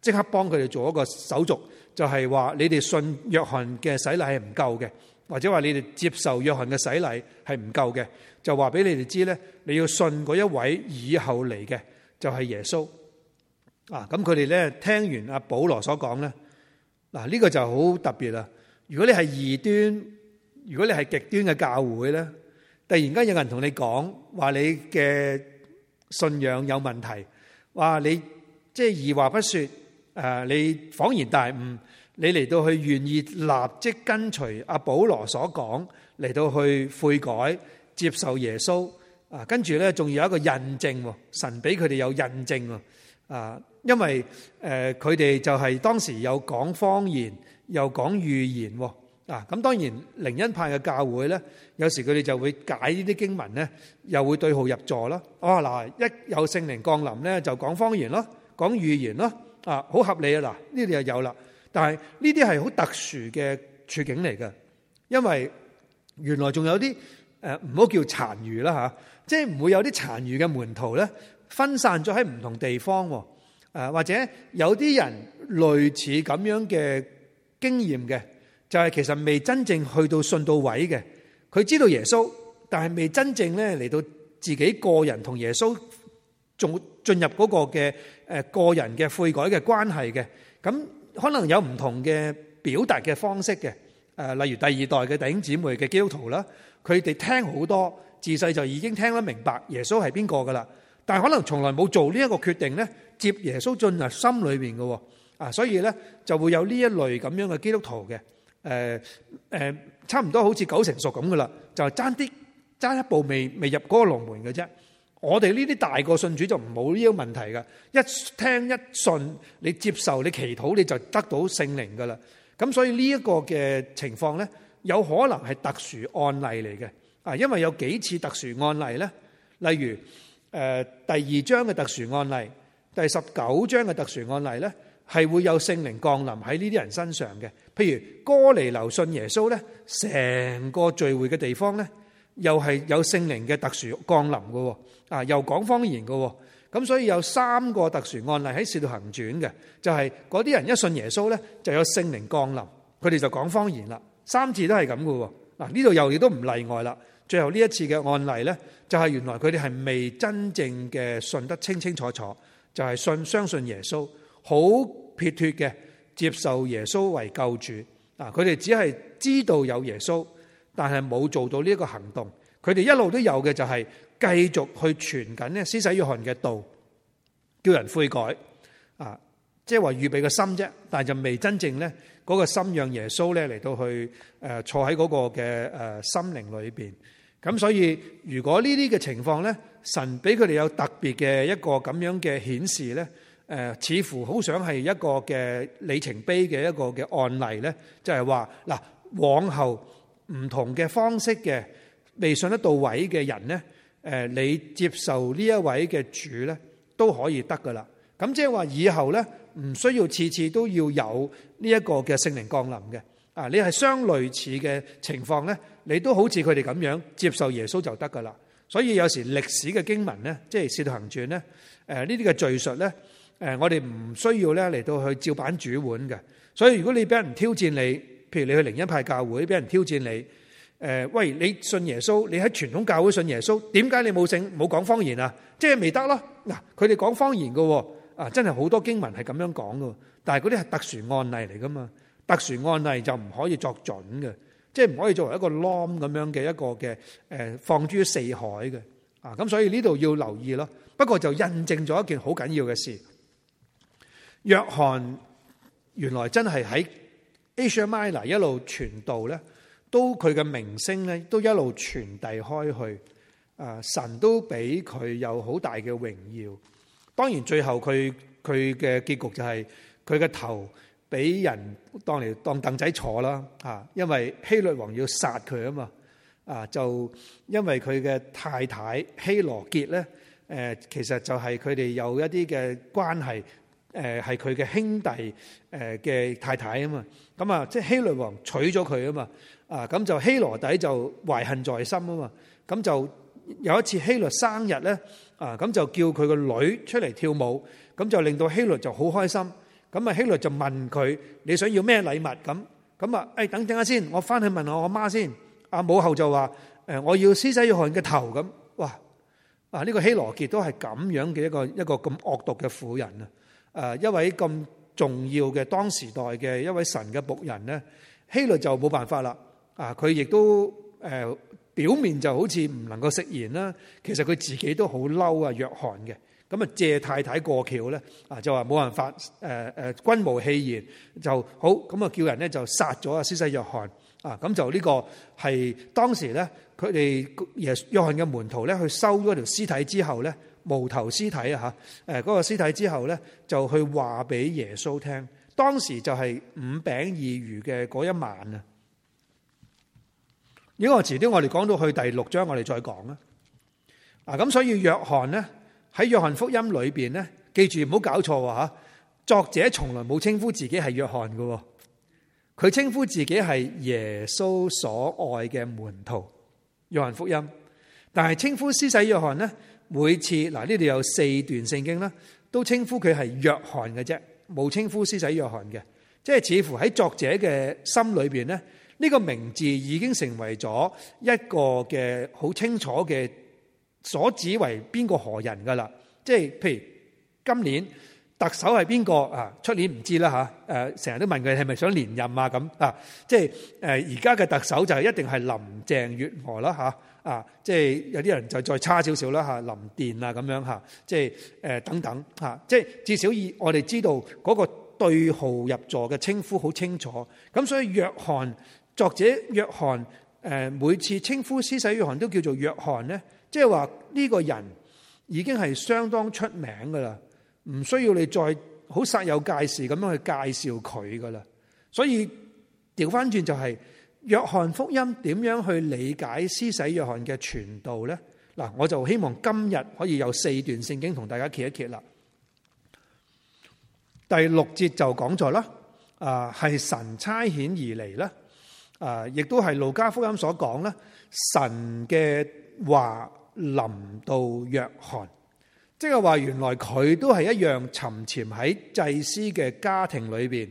即、呃、刻幫佢哋做一個手續，就係、是、話你哋信約翰嘅洗禮係唔夠嘅，或者話你哋接受約翰嘅洗禮係唔夠嘅，就話俾你哋知咧，你要信嗰一位以後嚟嘅就係耶穌。啊，咁佢哋咧聽完阿保羅所講咧，嗱、這、呢個就好特別啦。如果你係異端，如果你係極端嘅教會咧，突然間有人同你講話你嘅信仰有問題，話你即係二話不說，誒，你恍然大悟，你嚟到去願意立即跟隨阿保羅所講嚟到去悔改接受耶穌啊，跟住咧仲要有一個印證，神俾佢哋有印證啊。因為誒，佢哋就係當時有講方言，又講預言啊，咁當然靈恩派嘅教會咧，有時佢哋就會解呢啲經文咧，又會對號入座啦。哇，嗱，一有聖靈降臨咧，就講方言咯，講預言咯，啊，好合理啊！嗱，呢度又有啦。但係呢啲係好特殊嘅處境嚟嘅，因為原來仲有啲誒，唔好叫殘餘啦吓，即係唔會有啲殘餘嘅門徒咧，分散咗喺唔同地方。誒，或者有啲人類似咁樣嘅經驗嘅，就係其實未真正去到信到位嘅。佢知道耶穌，但係未真正咧嚟到自己個人同耶穌仲進入嗰個嘅誒個人嘅悔改嘅關係嘅。咁可能有唔同嘅表達嘅方式嘅。誒，例如第二代嘅弟兄姊妹嘅基督徒啦，佢哋聽好多，自細就已經聽得明白耶穌係邊個噶啦。但係可能從來冇做呢一個決定咧，接耶穌進入心裏面嘅，啊，所以咧就會有呢一類咁樣嘅基督徒嘅，誒、呃、誒、呃，差唔多好似九成熟咁噶啦，就爭啲爭一步未未入嗰個龍門嘅啫。我哋呢啲大個信主就唔冇呢個問題嘅，一聽一信，你接受你祈禱你就得到聖靈噶啦。咁所以呢一個嘅情況咧，有可能係特殊案例嚟嘅，啊，因為有幾次特殊案例咧，例如。誒第二章嘅特殊案例，第十九章嘅特殊案例呢，係會有聖靈降臨喺呢啲人身上嘅。譬如哥尼流信耶穌呢，成個聚會嘅地方呢，又係有聖靈嘅特殊降臨嘅喎，啊，又講方言嘅喎。咁所以有三個特殊案例喺使徒行傳嘅，就係嗰啲人一信耶穌呢，就有聖靈降臨，佢哋就講方言啦。三次都係咁嘅喎。嗱呢度又亦都唔例外啦。最後呢一次嘅案例呢，就係原來佢哋係未真正嘅信得清清楚楚，就係信相信耶穌，好撇脱嘅接受耶穌為救主。啊，佢哋只係知道有耶穌，但係冇做到呢一個行動。佢哋一路都有嘅就係繼續去傳緊呢施洗約翰嘅道，叫人悔改。啊，即係話預備個心啫，但係就未真正呢嗰個心讓耶穌呢嚟到去誒坐喺嗰個嘅誒心靈裏面。咁所以，如果呢啲嘅情況咧，神俾佢哋有特別嘅一個咁樣嘅顯示咧，誒、呃，似乎好想係一個嘅里程碑嘅一個嘅案例咧，就係話嗱，往後唔同嘅方式嘅未信得到位嘅人咧，誒、呃，你接受這呢一位嘅主咧，都可以得噶啦。咁即係話以後咧，唔需要次次都要有呢一個嘅聖靈降臨嘅。啊，你係相類似嘅情況咧。你都好似佢哋咁樣接受耶穌就得噶啦，所以有時歷史嘅經文咧，即係《使徒行傳》咧，呢啲嘅敘述咧，我哋唔需要咧嚟到去照板煮碗嘅。所以如果你俾人挑戰你，譬如你去靈恩派教會，俾人挑戰你、呃，喂，你信耶穌，你喺傳統教會信耶穌，點解你冇聖冇講方言啊？即係未得咯。嗱、呃，佢哋講方言嘅喎，啊，真係好多經文係咁樣講嘅，但係嗰啲係特殊案例嚟噶嘛，特殊案例就唔可以作準嘅。即係唔可以作為一個籠咁樣嘅一個嘅誒放諸四海嘅啊！咁所以呢度要留意咯。不過就印證咗一件好緊要嘅事。約翰原來真係喺 Asia Minor 一路傳道咧，都佢嘅名聲咧都一路傳遞開去。啊，神都俾佢有好大嘅榮耀。當然最後佢佢嘅結局就係佢嘅頭。俾人當嚟當凳仔坐啦，嚇！因為希律王要殺佢啊嘛，啊就因為佢嘅太太希羅傑咧，誒其實就係佢哋有一啲嘅關係，誒係佢嘅兄弟誒嘅太太啊嘛，咁啊即係希律王娶咗佢啊嘛，啊咁就希羅底就懷恨在心啊嘛，咁就有一次希律生日咧，啊咁就叫佢個女出嚟跳舞，咁就令到希律就好開心。咁啊希律就問佢，你想要咩禮物？咁咁啊，誒、哎、等等下先，我翻去問下我阿媽先。阿母后就話誒我要施洗約翰嘅頭，咁。哇！啊、這、呢個希羅傑都係咁樣嘅一個一個咁惡毒嘅婦人啊！誒一位咁重要嘅當時代嘅一位神嘅僕人咧，希律就冇辦法啦。啊佢亦都誒表面就好似唔能夠食言啦，其實佢自己都好嬲啊約翰嘅。咁啊，借太太過橋咧，啊就話冇辦法，誒誒，君無戲言，就好，咁啊叫人咧就殺咗阿施洗約翰，啊咁就呢個係當時咧，佢哋耶約翰嘅門徒咧，去收咗條屍體之後咧，無頭屍體啊嚇，誒嗰個屍體之後咧，就去話俾耶穌聽，當時就係五餅二魚嘅嗰一晚啊，呢個遲啲我哋講到去第六章，我哋再講啦，啊咁所以約翰咧。喺約翰福音裏邊咧，記住唔好搞錯吓，作者從來冇稱呼自己係約翰嘅，佢稱呼自己係耶穌所愛嘅門徒。約翰福音，但係稱呼施洗約翰咧，每次嗱呢度有四段聖經啦，都稱呼佢係約翰嘅啫，冇稱呼施洗約翰嘅，即係似乎喺作者嘅心裏邊咧，呢個名字已經成為咗一個嘅好清楚嘅。所指為邊個何人㗎啦？即係譬如今年特首係邊個啊？出年唔知啦嚇。誒，成日都問佢係咪想連任啊咁啊。即係誒，而家嘅特首就係一定係林鄭月娥啦嚇啊，即係有啲人就再差少少啦嚇，林電啊咁樣嚇。即係誒等等嚇。即係至少以我哋知道嗰個對號入座嘅稱呼好清楚。咁所以約翰作者約翰誒每次稱呼施洗約翰都叫做約翰咧。即係話呢個人已經係相當出名噶啦，唔需要你再好煞有介事咁樣去介紹佢噶啦。所以調翻轉就係，約翰福音點樣去理解施洗約翰嘅傳道咧？嗱，我就希望今日可以有四段聖經同大家揭一揭啦。第六節就講咗啦，啊，係神差遣而嚟啦，啊亦都係路加福音所講啦，神嘅。話臨到約翰，即係話原來佢都係一樣沉潛喺祭司嘅家庭裏邊，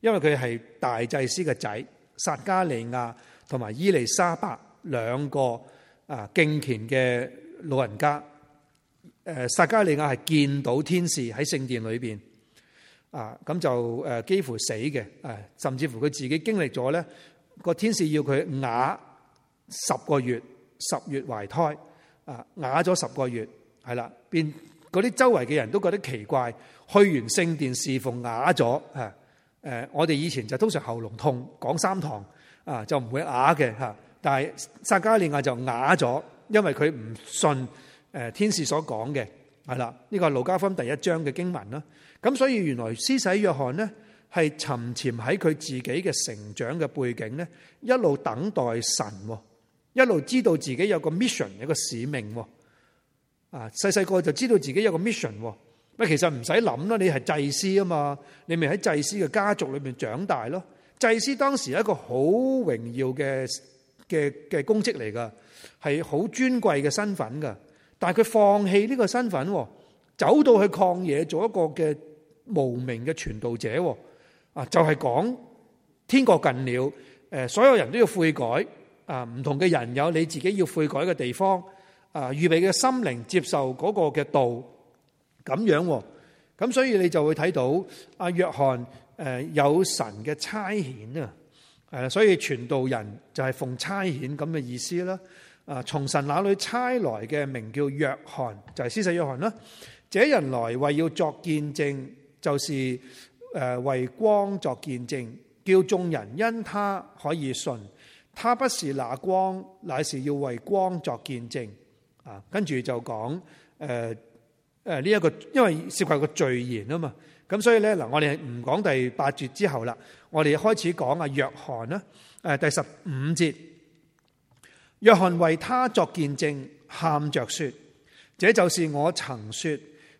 因為佢係大祭司嘅仔。撒加利亞同埋伊麗莎白兩個啊敬虔嘅老人家，誒，撒加利亞係見到天使喺聖殿裏邊啊，咁就誒幾乎死嘅，誒，甚至乎佢自己經歷咗呢個天使要佢啞十個月。十月懷胎，啊啞咗十個月，係啦，變嗰啲周圍嘅人都覺得奇怪。去完聖殿侍奉啞咗，吓，誒，我哋以前就通常喉嚨痛講三堂，啊就唔會啞嘅吓，但係撒迦利亞就啞咗，因為佢唔信誒天使所講嘅，係啦，呢、這個路加福音第一章嘅經文啦。咁所以原來施洗約翰呢係沉潛喺佢自己嘅成長嘅背景呢，一路等待神。一路知道自己有個 mission 有個使命喎，啊，細細個就知道自己有個 mission，其實唔使諗啦，你係祭司啊嘛，你咪喺祭司嘅家族裏面長大咯。祭司當時係一個好榮耀嘅嘅嘅公職嚟噶，係好尊貴嘅身份噶，但係佢放棄呢個身份，走到去曠野做一個嘅無名嘅傳道者，啊，就係、是、講天國近了，誒，所有人都要悔改。啊，唔同嘅人有你自己要悔改嘅地方，啊，預備嘅心靈接受嗰個嘅道，咁樣，咁所以你就會睇到阿約翰誒有神嘅差遣啊，所以傳道人就係奉差遣咁嘅意思啦。啊，從神那裡差來嘅名叫約翰，就係施洗約翰啦。這人來為要作見證，就是誒為光作見證，叫眾人因他可以信。他不是那光，乃是要為光作見證。啊，跟住就講誒誒呢一個，因為涉及個序言啊嘛。咁所以咧嗱，我哋唔講第八節之後啦，我哋開始講阿約翰啦。誒，第十五節，約翰為他作見證，喊着說：這就是我曾說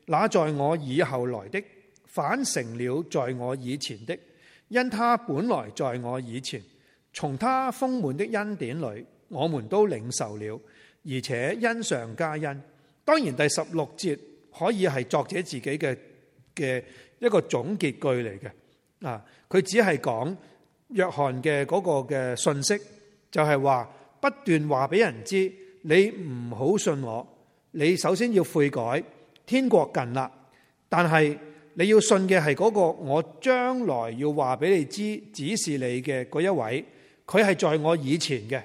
那在我以後來的，反成了在我以前的，因他本來在我以前。從他豐滿的恩典裏，我們都領受了，而且恩上加恩。當然第十六節可以係作者自己嘅嘅一個總結句嚟嘅。啊，佢只係講約翰嘅嗰個嘅信息，就係話不斷話俾人知，你唔好信我，你首先要悔改，天國近啦。但係你要信嘅係嗰個我將來要話俾你知指示你嘅嗰一位。佢係在我以前嘅，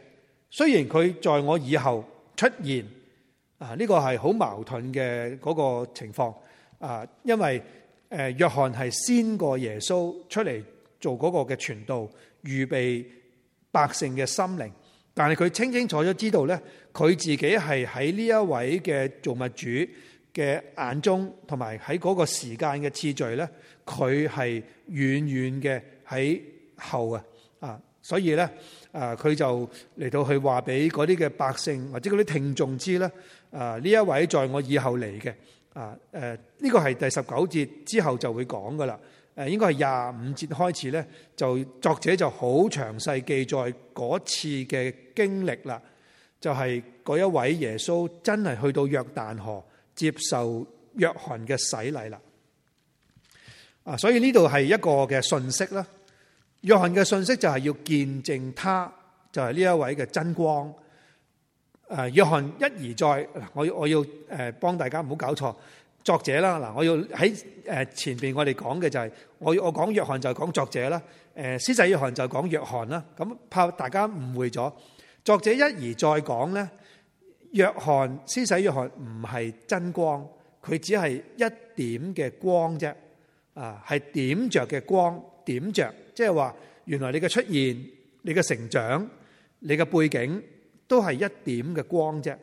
雖然佢在我以後出現，啊、這、呢個係好矛盾嘅嗰個情況，啊因為誒約翰係先過耶穌出嚟做嗰個嘅傳道，預備百姓嘅心靈，但係佢清清楚楚知道呢，佢自己係喺呢一位嘅造物主嘅眼中，同埋喺嗰個時間嘅次序呢，佢係遠遠嘅喺後啊。所以咧，啊，佢就嚟到去話俾嗰啲嘅百姓或者嗰啲聽眾知咧，啊，呢一位在我以後嚟嘅，啊，誒，呢個係第十九節之後就會講噶啦，誒，應該係廿五節開始咧，就作者就好詳細記載嗰次嘅經歷啦，就係嗰一位耶穌真係去到約旦河接受約翰嘅洗禮啦，啊，所以呢度係一個嘅訊息啦。約翰嘅信息就係要見證，他就係呢一位嘅真光。誒，約翰一而再，我我要誒幫大家唔好搞錯作者啦。嗱，我要喺誒前邊我哋講嘅就係我我講約翰就係講作者啦。誒，施洗約翰就講約翰啦。咁怕大家誤會咗作者一而再講咧，約翰施洗約翰唔係真光，佢只係一點嘅光啫。啊，係點着嘅光，點着。即係話，原來你嘅出現，你嘅成長、你嘅背景，都係一點嘅光啫。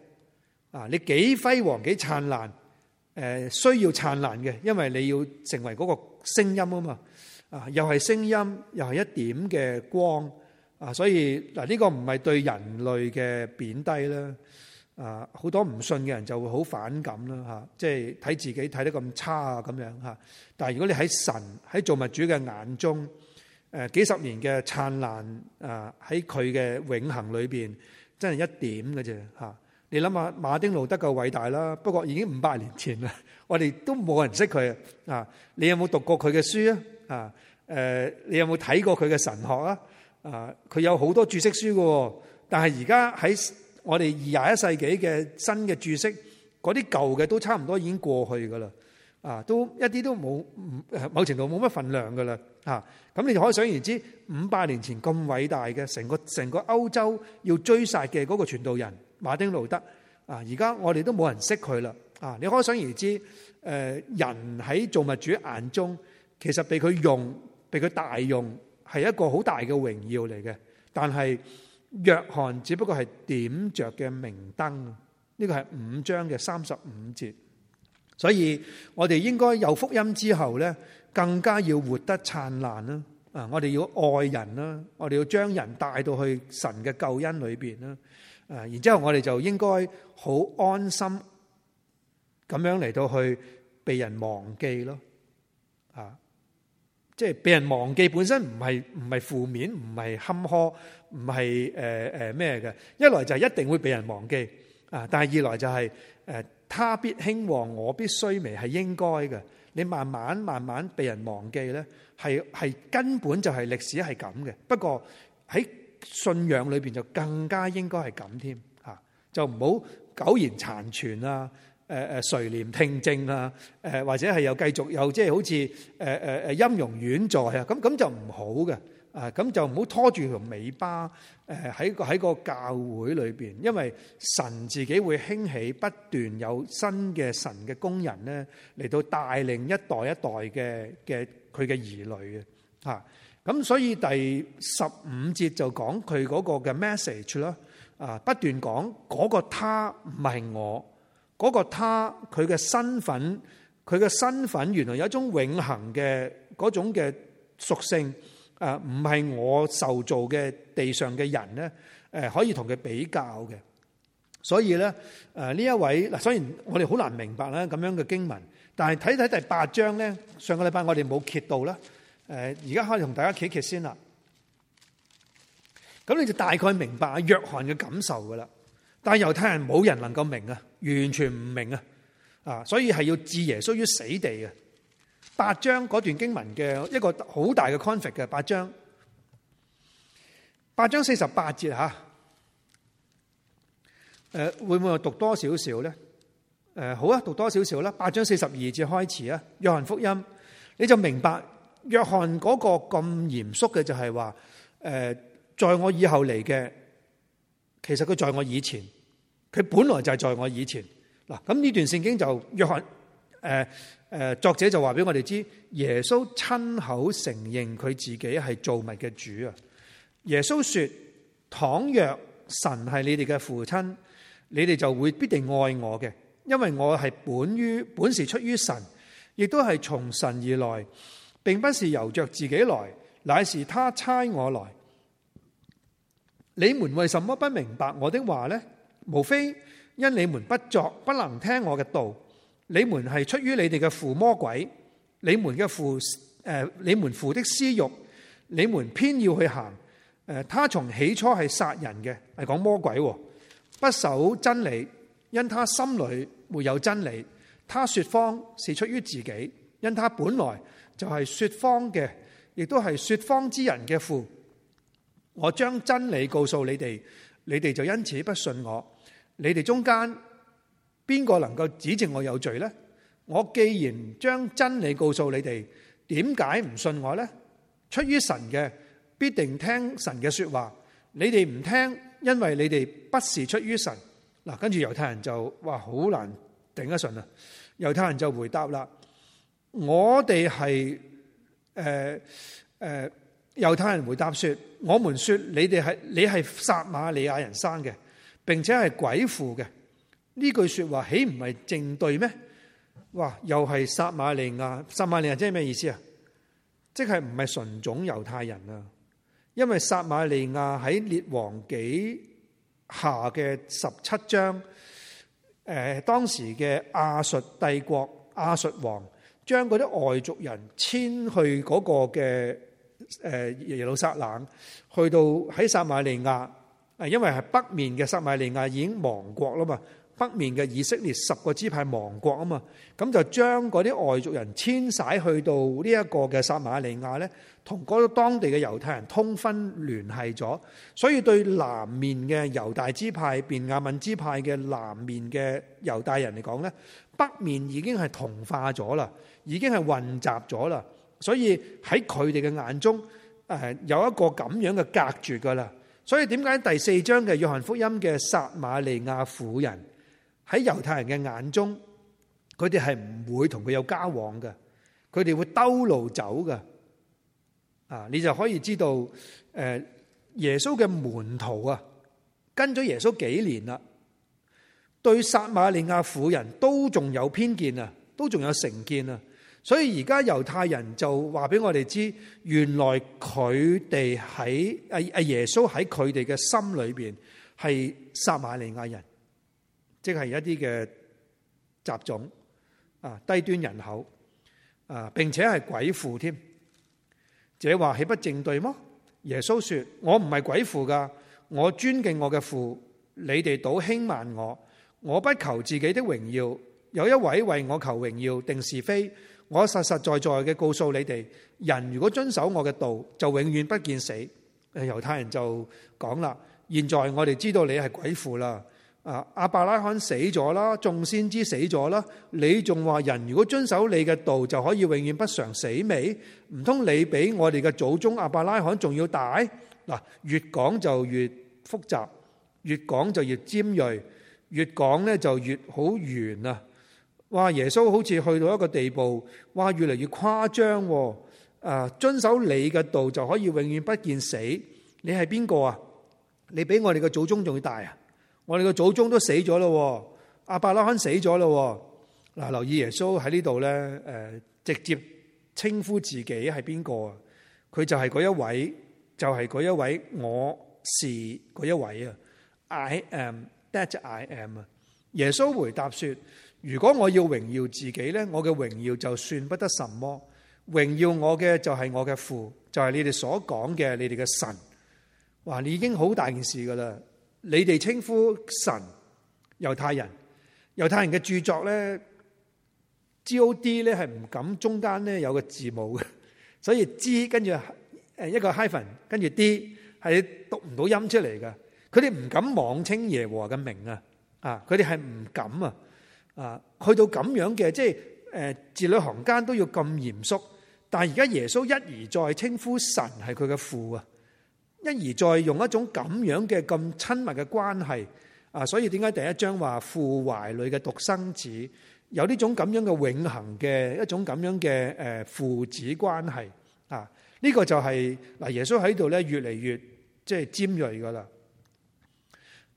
啊，你幾輝煌、幾燦爛？誒、呃，需要燦爛嘅，因為你要成為嗰個聲音啊嘛。啊，又係聲音，又係一點嘅光。啊，所以嗱，呢、這個唔係對人類嘅貶低啦。啊，好多唔信嘅人就會好反感啦。吓，即係睇自己睇得咁差啊，咁樣吓。但係如果你喺神喺造物主嘅眼中，誒幾十年嘅燦爛啊！喺佢嘅永恆裏邊，真係一點嘅啫嚇！你諗下，馬丁路德夠偉大啦，不過已經五百年前啦，我哋都冇人識佢啊！你有冇讀過佢嘅書啊？啊，誒，你有冇睇過佢嘅神學啊？啊，佢有好多注釋書嘅喎，但係而家喺我哋二十一世紀嘅新嘅注釋，嗰啲舊嘅都差唔多已經過去㗎啦。啊，都一啲都冇，嗯，某程度冇乜份量噶啦，嚇！咁你可想而知，五百年前咁偉大嘅，成個成個歐洲要追殺嘅嗰個傳道人馬丁路德，啊！而家我哋都冇人識佢啦，啊！你可想而知，誒人喺、啊啊呃、造物主眼中，其實被佢用，被佢大用，係一個好大嘅榮耀嚟嘅。但係約翰只不過係點着嘅明燈，呢、這個係五章嘅三十五節。所以我哋應該有福音之後咧，更加要活得燦爛啦。啊，我哋要愛人啦，我哋要將人帶到去神嘅救恩裏邊啦。誒，然之後我哋就應該好安心咁樣嚟,到去被人忘記咯。啊，即係被人忘記本身唔係，唔係負面，唔係坎坷，唔係誒誒咩嘅。一來就係一定會被人忘記啊，但係二來就係、是、誒。他必興旺，我必衰微，係應該嘅。你慢慢慢慢被人忘記咧，係係根本就係歷史係咁嘅。不過喺信仰裏邊就更加應該係咁添吓，就唔好苟延殘存啊！誒誒，垂簾聽政啊！誒，或者係又繼續又即係好似誒誒誒，音容宛在啊！咁咁就唔好嘅。啊，咁就唔好拖住條尾巴，誒喺個喺個教會裏邊，因為神自己會興起不斷有新嘅神嘅工人咧，嚟到帶領一代一代嘅嘅佢嘅兒女嘅嚇。咁所以第十五節就講佢嗰個嘅 message 啦，啊不斷講嗰個他唔係我，嗰個他佢嘅身份，佢嘅身份原來有一種永恆嘅嗰種嘅屬性。啊！唔係我受造嘅地上嘅人咧，誒，可以同佢比較嘅。所以咧，誒呢一位嗱，雖然我哋好難明白咧咁樣嘅經文，但係睇睇第八章咧，上個禮拜我哋冇揭到啦，誒，而家可以同大家揭揭先啦。咁你就大概明白啊，約翰嘅感受噶啦。但係猶太人冇人能夠明啊，完全唔明啊，啊，所以係要置耶穌於死地嘅。八章嗰段經文嘅一個好大嘅 conflict 嘅八章，八章四十八節吓，誒，啊，會唔會讀多少少咧？誒，啊，好啊，讀多少少啦，八章四十二節開始啊，約翰福音，你就明白約翰嗰個咁嚴肅嘅就係話，誒，呃，在我以後嚟嘅，其實佢在我以前，佢本來就係在我以前。嗱，咁呢段聖經就約翰。誒誒，作者就話俾我哋知，耶穌親口承認佢自己係造物嘅主啊！耶穌說：倘若神係你哋嘅父親，你哋就會必定愛我嘅，因為我係本於本是出於神，亦都係從神而來，並不是由着自己來，乃是他差我來。你們為什麼不明白我的話呢？無非因你們不作，不能聽我嘅道。你們係出於你哋嘅父魔鬼，你們嘅父誒、呃，你們父的私欲，你們偏要去行。誒、呃，他從起初係殺人嘅，係講魔鬼，不守真理，因他心裏沒有真理。他說謊是出於自己，因他本來就係說謊嘅，亦都係說謊之人嘅父。我將真理告訴你哋，你哋就因此不信我。你哋中間。邊個能夠指證我有罪呢？我既然將真理告訴你哋，點解唔信我呢？出於神嘅，必定聽神嘅說話。你哋唔聽，因為你哋不是出於神。嗱，跟住猶太人就話好難頂得順啊！猶太人就回答啦：我哋係誒誒，猶太人回答說：我們說你哋係你係撒瑪利亞人生嘅，並且係鬼附嘅。呢句說話豈唔係正對咩？哇！又係撒瑪利亞，撒瑪利亞即係咩意思啊？即係唔係純種猶太人啊？因為撒瑪利亞喺列王紀下嘅十七章，誒，當時嘅亞述帝國亞述王將嗰啲外族人遷去嗰個嘅誒耶路撒冷，去到喺撒瑪利亞，啊，因為係北面嘅撒瑪利亞已經亡國啦嘛。北面嘅以色列十個支派亡國啊嘛，咁就將嗰啲外族人遷徙去到呢一個嘅撒瑪利亞咧，同嗰當地嘅猶太人通婚聯繫咗，所以對南面嘅猶大支派、便雅憫支派嘅南面嘅猶大人嚟講咧，北面已經係同化咗啦，已經係混雜咗啦，所以喺佢哋嘅眼中，誒有一個咁樣嘅隔絕噶啦。所以點解第四章嘅約翰福音嘅撒瑪利亞婦人？喺猶太人嘅眼中，佢哋係唔會同佢有交往嘅，佢哋會兜路走嘅。啊，你就可以知道，誒，耶穌嘅門徒啊，跟咗耶穌幾年啦，對撒瑪利亞婦人都仲有偏見啊，都仲有成見啊，所以而家猶太人就話俾我哋知，原來佢哋喺誒誒耶穌喺佢哋嘅心裏面係撒瑪利亞人。即係一啲嘅雜種啊，低端人口啊，並且係鬼附添，這話豈不正對嗎？耶穌說，我唔係鬼附噶，我尊敬我嘅父，你哋倒輕慢我，我不求自己的榮耀，有一位為我求榮耀定是非，我實實在在嘅告訴你哋，人如果遵守我嘅道，就永遠不見死。猶太人就講啦，現在我哋知道你係鬼附啦。啊！阿伯拉罕死咗啦，眾先知死咗啦，你仲話人如果遵守你嘅道就可以永遠不嘗死味？唔通你比我哋嘅祖宗阿伯拉罕仲要大？嗱，越講就越複雜，越講就越尖銳，越講咧就越好圓啊！哇！耶穌好似去到一個地步，哇！越嚟越誇張，啊！遵守你嘅道就可以永遠不見死，你係邊個啊？你比我哋嘅祖宗仲要大啊？我哋個祖宗都死咗咯，阿伯拉罕死咗咯。嗱，留意耶穌喺呢度咧，誒，直接稱呼自己係邊個啊？佢就係嗰一位，就係嗰一位，我是嗰一位啊！I am that I am 啊。耶穌回答說：如果我要榮耀自己咧，我嘅榮耀就算不得什麼。榮耀我嘅就係我嘅父，就係你哋所講嘅你哋嘅神。哇！你已經好大件事噶啦。你哋稱呼神，猶太人，猶太人嘅著作咧，GOD 咧係唔敢中間咧有個字母嘅，所以 G 跟住，誒一個 hyphen 跟住 D 係讀唔到音出嚟嘅。佢哋唔敢妄稱耶和華嘅名啊，啊，佢哋係唔敢啊，啊，去到咁樣嘅，即係誒字裏行間都要咁嚴肅，但係而家耶穌一而再稱呼神係佢嘅父啊。因而再用一種咁樣嘅咁親密嘅關係啊，所以點解第一章話父懷裡嘅獨生子有呢種咁樣嘅永恒嘅一種咁樣嘅誒父子關係啊？呢、這個就係嗱，耶穌喺度咧越嚟越即係尖銳噶啦。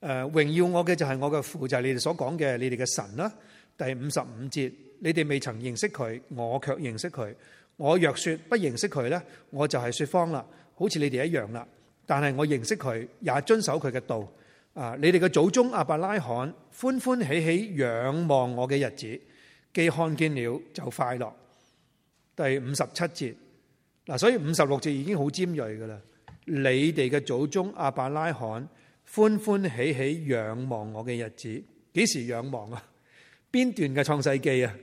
誒，榮耀我嘅就係我嘅父，就係、是、你哋所講嘅你哋嘅神啦。第五十五節，你哋未曾認識佢，我卻認識佢。我若說不認識佢咧，我就係說謊啦，好似你哋一樣啦。但係我認識佢，也遵守佢嘅道。啊，你哋嘅祖宗亞伯拉罕歡歡喜喜仰望我嘅日子，既看見了就快樂。第五十七節，嗱，所以五十六節已經好尖銳㗎喇。你哋嘅祖宗亞伯拉罕歡歡喜喜仰望我嘅日子，幾時仰望啊？邊段嘅創世記啊？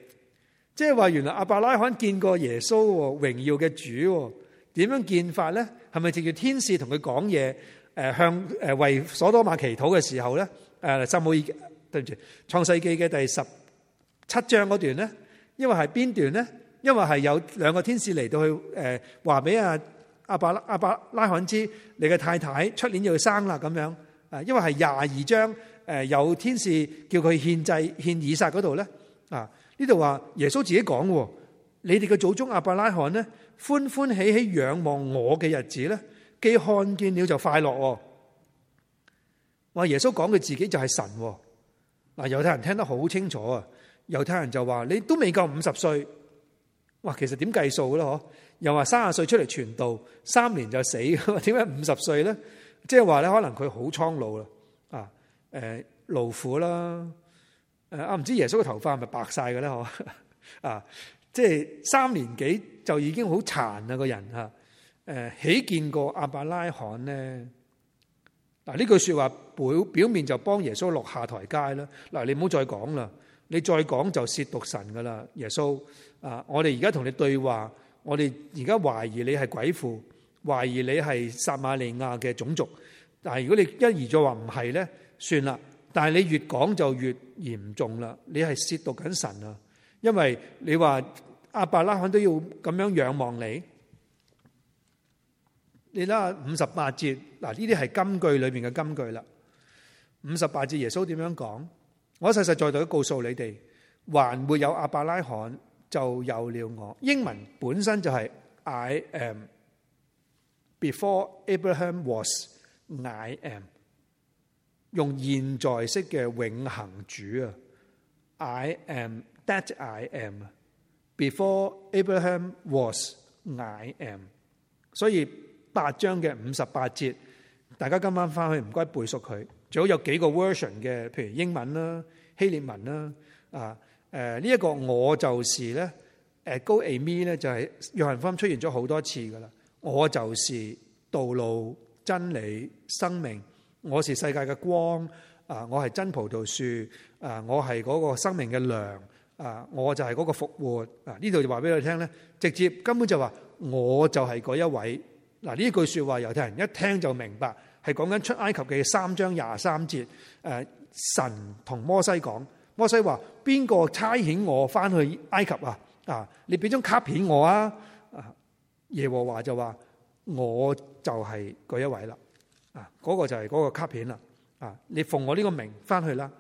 即係話原來亞伯拉罕見過耶穌，榮耀嘅主，點樣見法呢？係咪就叫天使同佢講嘢？誒，向誒為所多瑪祈禱嘅時候咧？誒，撒母耳對唔住，《創世紀》嘅第十七章嗰段咧，因為係邊段咧？因為係有兩個天使嚟到去誒，話俾阿阿伯阿伯拉罕知，你嘅太太出年要生啦咁樣。啊，因為係廿二章誒，有天使叫佢獻祭獻以撒嗰度咧。啊，呢度話耶穌自己講，你哋嘅祖宗阿伯拉罕咧。歡歡喜喜仰望我嘅日子咧，既看見了就快樂、哦。話耶穌講佢自己就係神、哦，嗱猶太人聽得好清楚啊！猶太人就話：你都未夠五十歲。哇，其實點計數咧？嗬，又話卅歲出嚟傳道，三年就死，點解五十歲咧？即係話咧，可能佢好蒼老啦、呃。啊，誒，勞苦啦。誒啊，唔知耶穌嘅頭髮係咪白晒嘅咧？嗬。啊，即係三年幾。就已經好殘啊！個人吓，誒，豈見過亞伯拉罕咧？嗱，呢句說話表表面就幫耶穌落下台階啦。嗱，你唔好再講啦，你再講就褻瀆神噶啦。耶穌啊，我哋而家同你對話，我哋而家懷疑你係鬼父，懷疑你係撒瑪利亞嘅種族。但係如果你一而再話唔係咧，算啦。但係你越講就越嚴重啦，你係褻瀆緊神啊，因為你話。阿伯拉罕都要咁樣仰望你。你睇下五十八節，嗱呢啲係金句裏邊嘅金句啦。五十八節耶穌點樣講？我實實在在咁告訴你哋，還會有阿伯拉罕，就有了我。英文本身就係 I am before Abraham was I am，用現在式嘅永恆主啊，I am that I am。Before Abraham was I am，所以八章嘅五十八節，大家今晚翻去唔該背熟佢。最好有幾個 version 嘅，譬如英文啦、希臘文啦啊。誒呢一個我就是咧，誒 *noise* Go a m i 咧就係約翰福音出現咗好多次噶啦。我就是道路、真理、生命。我是世界嘅光。啊，我係真葡萄樹。啊，我係嗰個生命嘅糧。啊！我就係嗰個復活啊！呢度就話俾你聽咧，直接根本就話我就係嗰一位嗱，呢句説話，猶太人一聽就明白，係講緊出埃及嘅三章廿三節。誒神同摩西講，摩西話：邊個差遣我翻去埃及啊？啊！你俾張卡片我啊！耶和華就話：我就係嗰一位啦！啊，嗰個就係嗰個卡片啦！啊，你奉我呢個名翻去啦。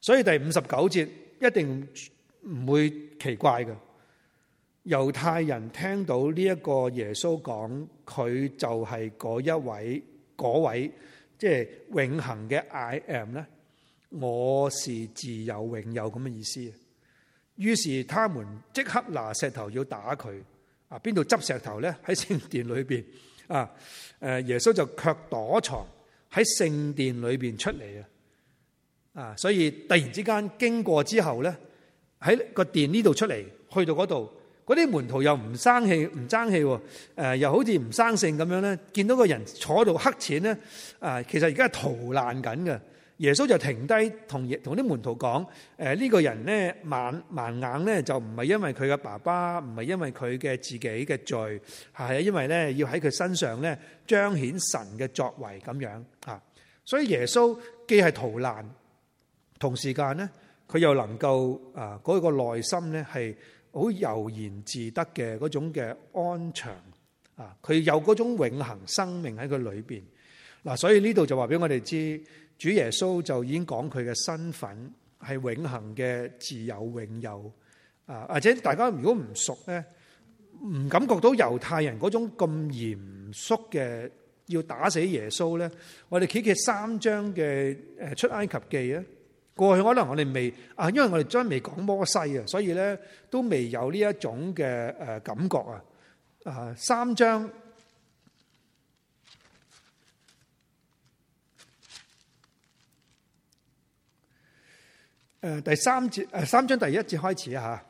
所以第五十九節。一定唔會奇怪嘅。猶太人聽到呢一個耶穌講佢就係嗰一位嗰位，即係永恒嘅 I am 咧，我是自有永有咁嘅意思。於是他們即刻拿石頭要打佢。啊，邊度執石頭咧？喺聖殿裏邊啊，誒，耶穌就却躲藏喺聖殿裏邊出嚟啊。啊，所以突然之間經過之後咧，喺個殿呢度出嚟，去到嗰度，嗰啲門徒又唔生氣，唔爭氣，喎，又好似唔生性咁樣咧，見到個人坐喺度黑錢咧，其實而家討飯緊嘅，耶穌就停低同同啲門徒講，呢、呢個人咧，盲盲眼咧就唔係因為佢嘅爸爸，唔係因為佢嘅自己嘅罪，係因為咧要喺佢身上咧彰顯神嘅作為咁樣，所以耶穌既係討飯。同時間咧，佢又能夠啊，嗰個內心咧係好悠然自得嘅嗰種嘅安詳啊！佢有嗰種永恒生命喺佢裏邊嗱，所以呢度就話俾我哋知，主耶穌就已經講佢嘅身份係永恒嘅自有永有啊！或者大家如果唔熟咧，唔感覺到猶太人嗰種咁嚴肅嘅要打死耶穌咧，我哋睇佢三章嘅誒出埃及記啊。過去可能我哋未啊，因為我哋將未講摩西啊，所以咧都未有呢一種嘅誒感覺啊！啊，三章誒第三節，誒三章第一節開始啊嚇。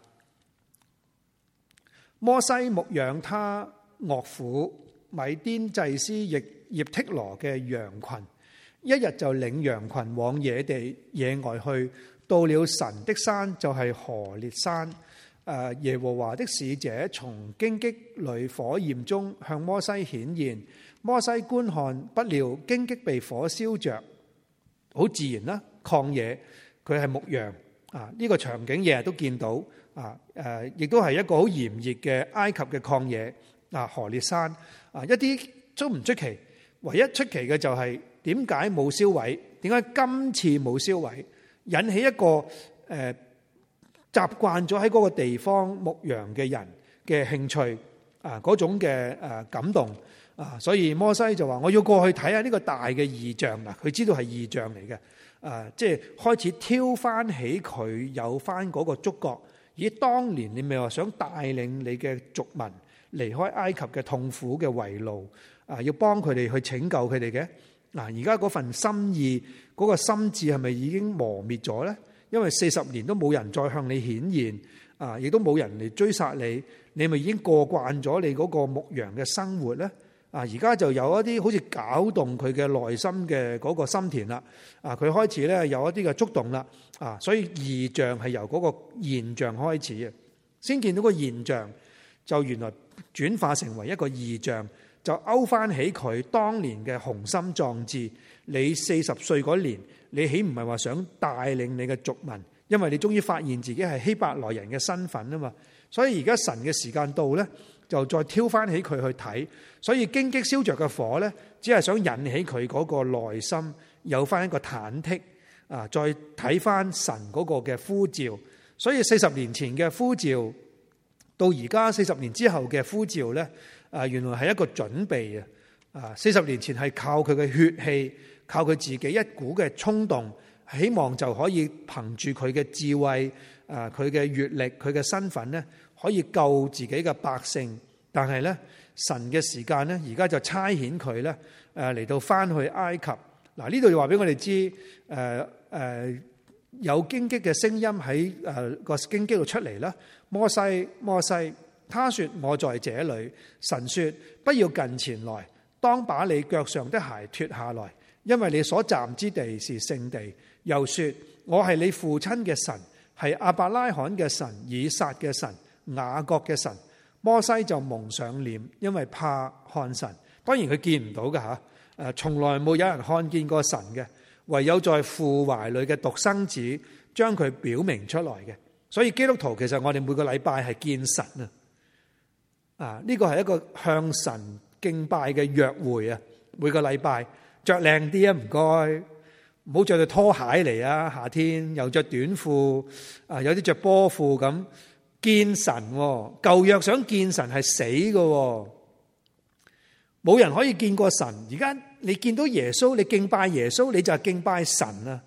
摩西牧養他岳父米甸祭司亦葉剔羅嘅羊羣。一日就領羊羣往野地、野外去，到了神的山，就係何烈山。誒，耶和華的使者從荊棘裏火焰中向摩西顯現。摩西觀看不，不料荊棘被火燒着，好自然啦，啊，曠野佢係牧羊啊。呢，這個場景日日都見到啊，誒，亦都係一個好炎熱嘅埃及嘅曠野啊，何烈山啊，一啲都唔出奇，唯一出奇嘅就係，是。點解冇燒毀？點解今次冇燒毀？引起一個誒、呃、習慣咗喺嗰個地方牧羊嘅人嘅興趣啊！嗰種嘅誒、啊、感動啊！所以摩西就話：我要過去睇下呢個大嘅異象啦！佢、啊、知道係異象嚟嘅啊！即係開始挑翻起佢有翻嗰個觸覺，以、啊、當年你咪話想帶領你嘅族民離開埃及嘅痛苦嘅圍路啊！要幫佢哋去拯救佢哋嘅。嗱，而家嗰份心意、嗰、嗰個心智係咪已經磨滅咗呢？因為四十年都冇人再向你顯現，啊，亦都冇人嚟追殺你，你咪已經過慣咗你嗰個牧羊嘅生活呢？啊，而家就有一啲好似搞動佢嘅內心嘅嗰個心田啦。啊，佢開始咧有一啲嘅觸動啦。啊，所以異象係由嗰個現象開始嘅，先見到嗰個現象，就原來轉化成為一個異象。就勾翻起佢當年嘅雄心壯志。你四十歲嗰年，你豈唔係話想帶領你嘅族民？因為你終於發現自己係希伯來人嘅身份啊嘛。所以而家神嘅時間到呢，就再挑翻起佢去睇。所以荊棘燒着嘅火呢，只係想引起佢嗰個內心有翻一個忐忑啊。再睇翻神嗰個嘅呼召。所以四十年前嘅呼召，到而家四十年之後嘅呼召呢，啊，原來係一個準備啊！啊，四十年前係靠佢嘅血氣，靠佢自己一股嘅衝動，希望就可以憑住佢嘅智慧啊，佢嘅閲歷，佢嘅身份咧，可以救自己嘅百姓。但係咧，神嘅時間咧，而家就差遣佢咧，誒嚟到返去埃及。嗱，呢度又話俾我哋知，誒、呃、誒有荊棘嘅聲音喺誒個荊棘度出嚟啦，摩西，摩西。他說我在這裏，神說不要近前來，當把你腳上的鞋脫下來，因為你所站之地是聖地。又說我係你父親嘅神，係亞伯拉罕嘅神，以撒嘅神，雅各嘅神。摩西就蒙上臉，因為怕看神。當然佢見唔到噶吓，從來冇有，有人看見過神嘅，唯有在父懷裏嘅獨生子將佢表明出來嘅。所以基督徒其實我哋每個禮拜係見神啊。啊！呢個係一個向神敬拜嘅約會啊！每個禮拜着靚啲啊，唔該，唔好着對拖鞋嚟啊！夏天又着短褲啊，有啲着波褲咁見神。舊約想見神係死噶，冇人可以見過神。而家你見到耶穌，你敬拜耶穌，你就係敬拜神啊！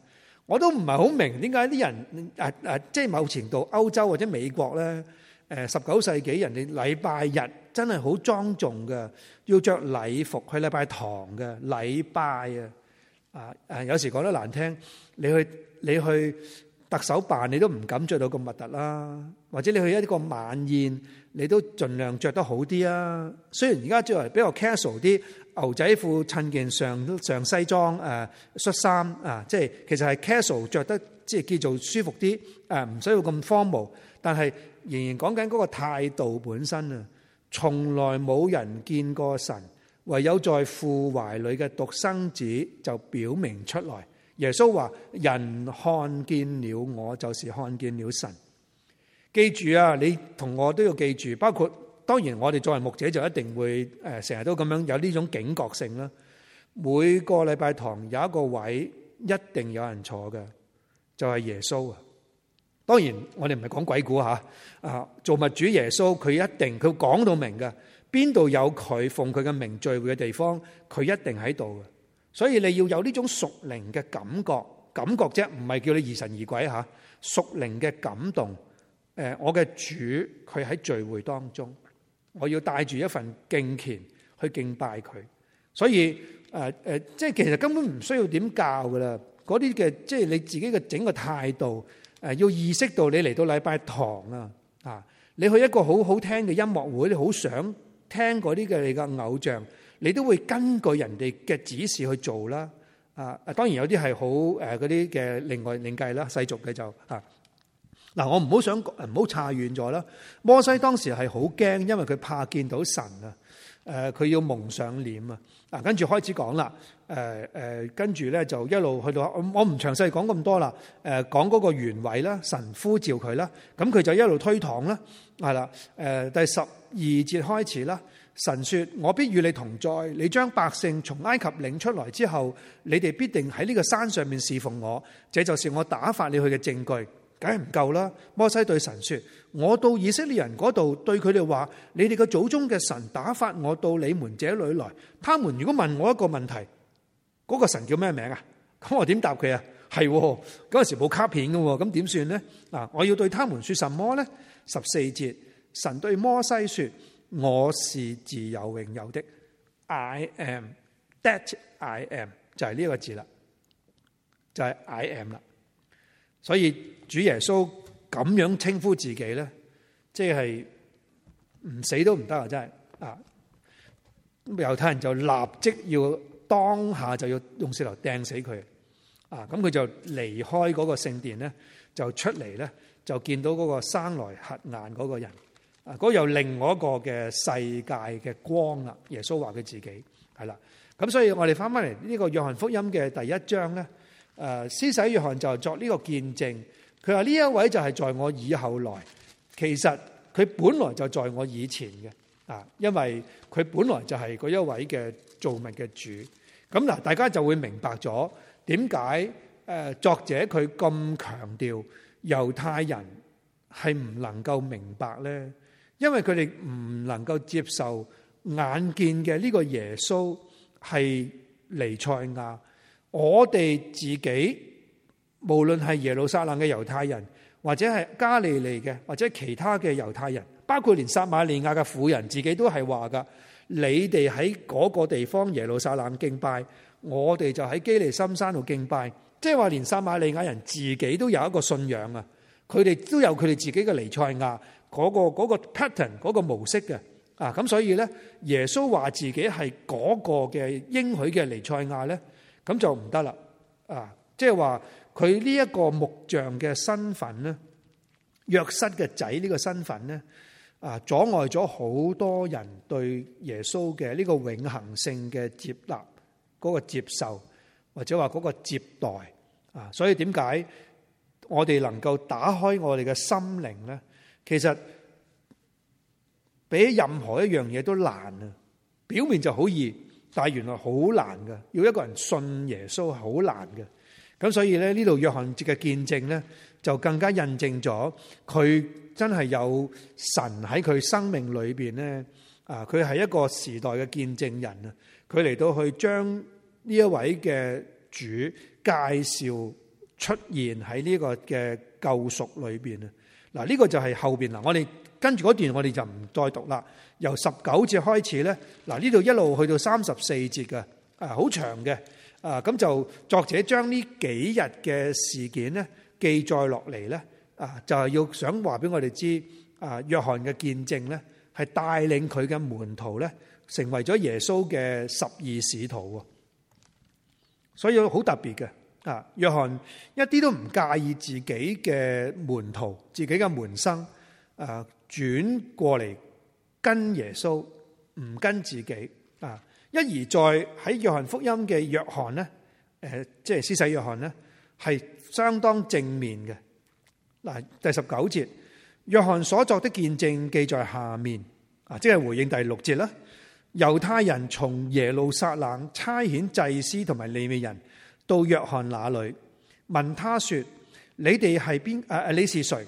我都唔係好明，點解啲人啊啊即係某程度歐洲或者美國咧？誒十九世紀人哋禮拜日真係好莊重嘅，要着禮服去禮拜堂嘅禮拜啊！啊啊，有時講得難聽，你去你去特首辦你都唔敢着到咁核突啦，或者你去一啲個晚宴，你都盡量着得好啲啊！雖然而家著嚟比較 casual 啲，牛仔褲襯件上上西裝誒恤衫啊，即、呃、係、呃、其實係 casual 着得即係叫做舒服啲，誒唔使要咁荒謬。但係仍然講緊嗰個態度本身啊，從來冇人見過神，唯有在父懷裏嘅獨生子就表明出來。耶穌話：人看見了我，就是看見了神。記住啊，你同我都要記住，包括當然我哋作為牧者就一定會誒，成日都咁樣有呢種警覺性啦。每個禮拜堂有一個位，一定有人坐嘅，就係耶穌啊。當然，我哋唔係講鬼故嚇啊，造物主耶穌佢一定佢講到明㗎。邊度有佢奉佢嘅名聚會嘅地方，佢一定喺度嘅。所以你要有呢種屬靈嘅感覺，感覺啫、就是，唔係叫你疑神疑鬼嚇。屬靈嘅感動，誒，我嘅主佢喺聚會當中，我要帶住一份敬虔去敬拜佢。所以誒誒，即係其實根本唔需要點教㗎喇。嗰啲嘅即係你自己嘅整個態度。誒，要意識到你嚟到禮拜堂啊，啊，你去一個好好聽嘅音樂會，你好想聽嗰啲嘅你嘅偶像，你都會根據人哋嘅指示去做啦，啊，當然有啲係好，誒嗰啲嘅另外另計啦，世俗嘅就啊，嗱，我唔好想，唔好岔遠咗啦。摩西當時係好驚，因為佢怕見到神啊，誒，佢要蒙上臉啊。嗱、呃呃，跟住開始講啦，誒跟住咧就一路去到，我我唔詳細講咁多啦，誒、呃，講嗰個原委啦，神呼召佢啦，咁佢就一路推搪啦，係、嗯、啦、呃，第十二節開始啦，神說：我必與你同在，你將百姓從埃及領出來之後，你哋必定喺呢個山上面侍奉我，這就是我打發你去嘅證據。梗係唔夠啦！摩西對神說：我到以色列人嗰度對佢哋話，你哋嘅祖宗嘅神打發我到你們這裏來。他們如果問我一個問題，嗰個神叫咩名啊？咁我點答佢啊？係嗰陣時冇卡片嘅喎，咁點算呢？嗱，我要對他們說什麼呢？十四節，神對摩西說：我是自有永有的，I am that I am，就係呢個字啦，就係 I am 啦。所以主耶穌咁樣稱呼自己咧，即係唔死都唔得啊！真係啊，咁猶太人就立即要當下就要用石頭掟死佢啊！咁佢就離開嗰個聖殿咧，就出嚟咧，就見到嗰個生來瞎眼嗰個人啊！嗰又另一個嘅世界嘅光啦，耶穌話佢自己係啦。咁所以我哋翻翻嚟呢個約翰福音嘅第一章咧。誒，施洗約翰就作呢個見證，佢話呢一位就係在我以後來，其實佢本來就在我以前嘅，啊，因為佢本來就係嗰一位嘅造物嘅主。咁嗱，大家就會明白咗點解誒作者佢咁強調猶太人係唔能夠明白咧，因為佢哋唔能夠接受眼見嘅呢個耶穌係尼賽亞。我哋自己無論係耶路撒冷嘅猶太人，或者係加利利嘅，或者其他嘅猶太人，包括連撒瑪利亞嘅婦人自己都係話噶，你哋喺嗰個地方耶路撒冷敬拜，我哋就喺基利心山度敬拜。即係話，連撒瑪利亞人自己都有一個信仰啊！佢哋都有佢哋自己嘅尼賽亞嗰個嗰個 pattern 嗰個模式嘅啊！咁所以咧，耶穌話自己係嗰個嘅應許嘅尼賽亞咧，咁就唔得啦，啊！即係話佢呢一個木匠嘅身份咧，約瑟嘅仔呢個身份咧，啊，阻礙咗好多人對耶穌嘅呢個永恆性嘅接納、嗰個接受或者話嗰個接待啊！所以點解我哋能夠打開我哋嘅心靈咧？其實比任何一樣嘢都難啊！表面就好易。但原來好難噶，要一個人信耶穌好難嘅，咁所以咧呢度約翰節嘅見證咧，就更加印證咗佢真係有神喺佢生命裏邊咧，啊佢係一個時代嘅見證人啊，佢嚟到去將呢一位嘅主介紹出現喺呢個嘅救贖裏邊啊，嗱呢個就係後邊嗱，我哋。跟住嗰段我哋就唔再讀啦。由十九節開始咧，嗱呢度一路去到三十四節嘅，啊好長嘅，啊咁就作者將呢幾日嘅事件咧記載落嚟咧，啊就係要想話俾我哋知，啊約翰嘅見證咧係帶領佢嘅門徒咧成為咗耶穌嘅十二使徒喎。所以好特別嘅，啊約翰一啲都唔介意自己嘅門徒、自己嘅門生。誒，轉過嚟跟耶穌，唔跟自己啊！一而再喺約翰福音嘅約翰呢，誒，即係施洗約翰呢，係相當正面嘅。嗱，第十九節，約翰所作的見證記在下面啊，即係回應第六節啦。猶太人從耶路撒冷差遣祭司同埋利未人到約翰那裏，問他說：你哋係邊？誒，你是誰？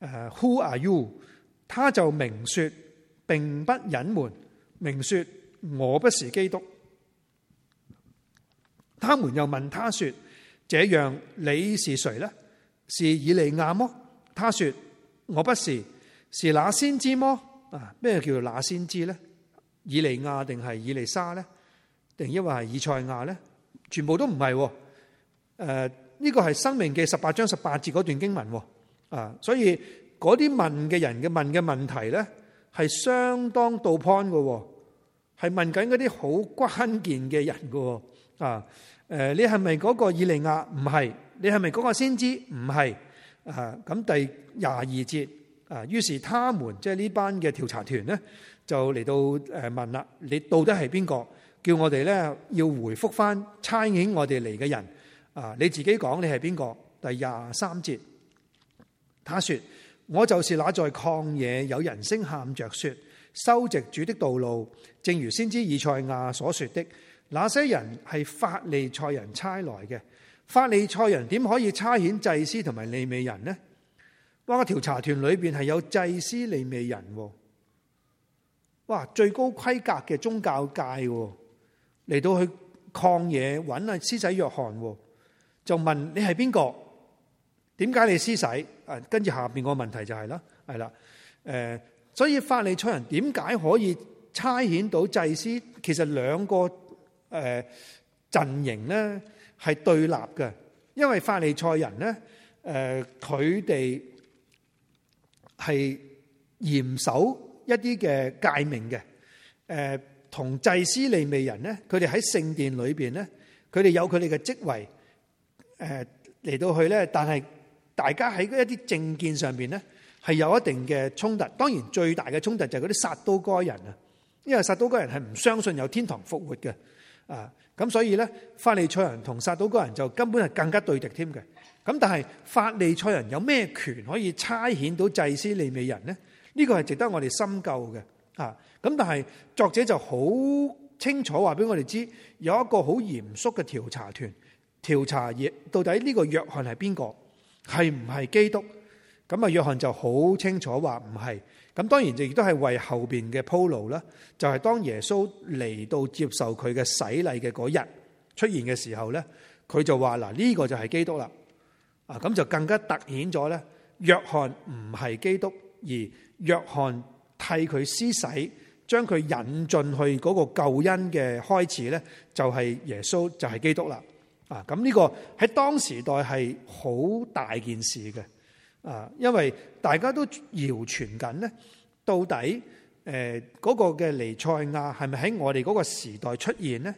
誒，Who are you？他就明說，並不隱瞞，明說我不是基督。他們又問他說：這樣你是誰呢？是以利亞麼？他說：我不是，是那先知麼？啊，咩叫做那先知呢？以利亞定係以利沙呢？定抑或係以賽亞呢？」全部都唔係喎。誒、呃，呢、這個係《生命記》十八章十八節嗰段經文喎。啊，所以嗰啲問嘅人嘅問嘅問題咧，係相當到 point 嘅喎，係問緊嗰啲好關鍵嘅人嘅喎。啊，誒，你係咪嗰個以利亞？唔係。你係咪嗰個先知？唔係。啊，咁第廿二節啊，於是他們即係呢班嘅調查團咧，就嚟到誒問啦。你到底係邊個？叫我哋咧要回覆返差遣我哋嚟嘅人啊，你自己講你係邊個？第廿三節。他說：我就是那在曠野有人聲喊着說：修直主的道路，正如先知以賽亞所說的。那些人係法利賽人差來嘅。法利賽人點可以差遣祭司同埋利未人呢？哇！個調查團裏邊係有祭司、利未人。哇！最高規格嘅宗教界嚟到去曠野揾阿施洗約翰，就問你係邊個？點解你施洗？啊，跟住下邊個問題就係啦，係啦，誒，所以法利賽人點解可以差遣到祭司？其實兩個誒陣營咧係對立嘅，因為法利賽人咧，誒佢哋係嚴守一啲嘅誡命嘅，誒同祭司利未人咧，佢哋喺聖殿裏邊咧，佢哋有佢哋嘅職位，誒嚟到去咧，但係。大家喺一啲政見上面咧，係有一定嘅衝突。當然最大嘅衝突就係嗰啲撒都該人啊，因為撒都該人係唔相信有天堂復活嘅啊。咁所以咧，法利賽人同撒都該人就根本係更加對敵添嘅。咁但係法利賽人有咩權可以差遣到祭司利未人呢？呢、呢個係值得我哋深究嘅啊。咁但係作者就好清楚話俾我哋知，有一個好嚴肅嘅調查團調查，到底呢個約翰係邊個。係唔係基督？咁啊，約翰就好清楚話唔係。咁當然亦都係為後邊嘅鋪路啦。就係當耶穌嚟到接受佢嘅洗禮嘅嗰日出現嘅時候咧，佢就話嗱，呢個就係基督啦。啊，咁就更加突顯咗咧，約翰唔係基督，而約翰替佢施洗，將佢引進去嗰個救恩嘅開始咧，就係耶穌，就係基督啦。啊，咁呢個喺當時代係好大件事嘅，啊，因為大家都謠傳緊呢，到底誒嗰個嘅彌賽亞係咪喺我哋嗰個時代出現呢？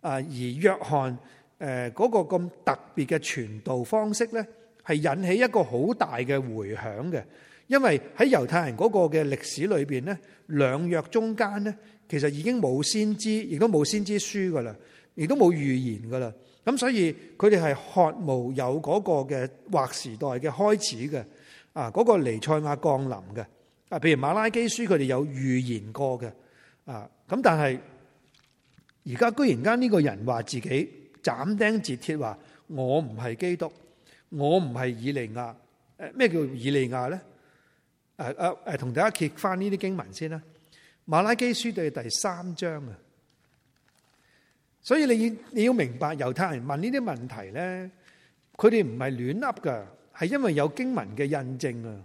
啊，而約翰誒嗰個咁特別嘅傳道方式咧，係引起一個好大嘅回響嘅，因為喺猶太人嗰個嘅歷史裏面咧，兩約中間咧，其實已經冇先知，亦都冇先知書噶啦，亦都冇預言噶啦。咁所以佢哋係渴慕有嗰個嘅劃時代嘅開始嘅，啊嗰個彌賽亞降臨嘅，啊譬如馬拉基書佢哋有預言過嘅，啊咁但係而家居然間呢個人話自己斬釘截鐵話我唔係基督，我唔係以利亞，誒咩叫以利亞咧？誒誒誒，同大家揭翻呢啲經文先啦，馬拉基書對第三章啊。所以你你要明白猶太人問呢啲問題呢佢哋唔係亂噏㗎，係因為有經文嘅印證啊。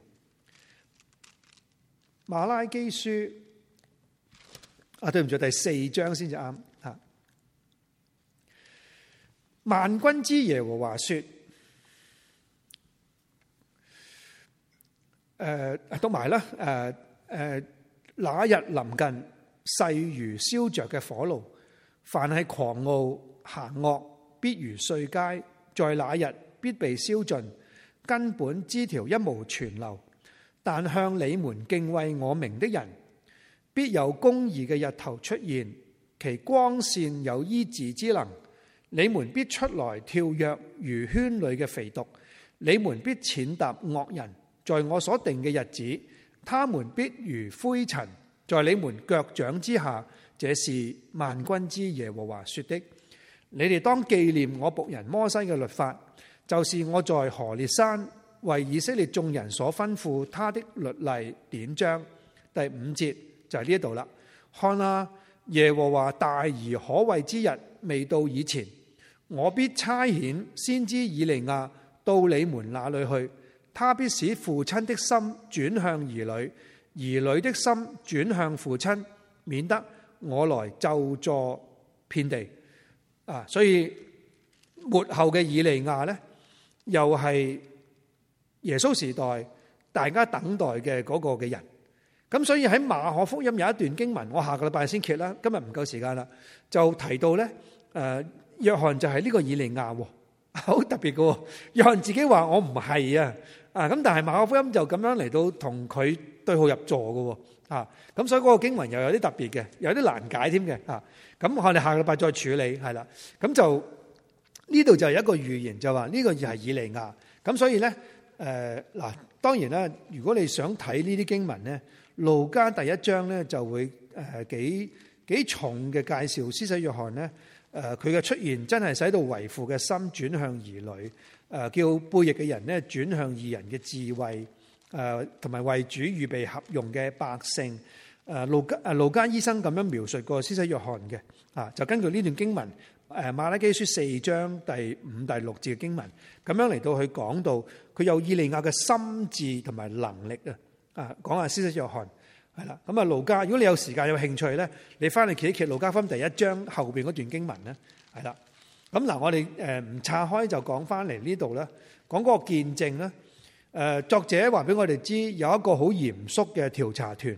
馬拉基書啊，對唔住，第四章先至啱吓。萬軍之耶和華說：誒，都埋啦，誒誒，那日臨近，細如燒着嘅火爐。凡係狂傲行惡，必如碎秸，在那日必被燒盡，根本枝條一無存留。但向你們敬畏我名的人，必有公義嘅日頭出現，其光線有醫治之能。你們必出來跳躍如圈裏嘅肥毒，你們必踐踏惡人。在我所定嘅日子，他們必如灰塵，在你們腳掌之下。這是萬軍之耶和華說的：你哋當記念我僕人摩西嘅律法，就是我在何烈山為以色列眾人所吩咐他的律例典章。第五節就係呢度啦。看啊，耶和華大而可畏之日未到以前，我必差遣先知以利亞到你們那裏去，他必使父親的心轉向兒女，兒女的心轉向父親，免得。我來咒詛遍地，啊！所以末後嘅以利亞咧，又係耶穌時代大家等待嘅嗰個嘅人。咁所以喺馬可福音有一段經文，我下個禮拜先揭啦，今日唔夠時間啦，就提到咧，誒，約翰就係呢個以利亞，好特別嘅。約翰自己話我唔係啊，啊咁，但係馬可福音就咁樣嚟到同佢。對號入座嘅喎，咁所以嗰個經文又有啲特別嘅，有啲難解添嘅，啊，咁我哋下個禮拜再處理，係啦，咁就呢度就有一個預言，就話呢、呢個就係以利亞，咁所以咧，誒、呃、嗱，當然啦，如果你想睇呢啲經文咧，《路加》第一章咧就會誒幾幾重嘅介紹，施洗約翰咧，誒佢嘅出現真係使到為父嘅心轉向兒女，誒、呃、叫背逆嘅人咧轉向義人嘅智慧。誒同埋為主預備合用嘅百姓，誒路加誒路加醫生咁樣描述過施洗約翰嘅，啊就根據呢段經文，誒馬拉基書四章第五、第六節嘅經文，咁樣嚟到去講到佢有以利亞嘅心智同埋能力啊，啊講下施洗約翰，係啦，咁啊路加，如果你有時間有興趣咧，你翻嚟企一企路加福音第一章後邊嗰段經文咧，係啦，咁嗱我哋誒唔拆開就講翻嚟呢度啦，講嗰個見證咧。誒，作者話俾我哋知，有一個好嚴肅嘅調查團，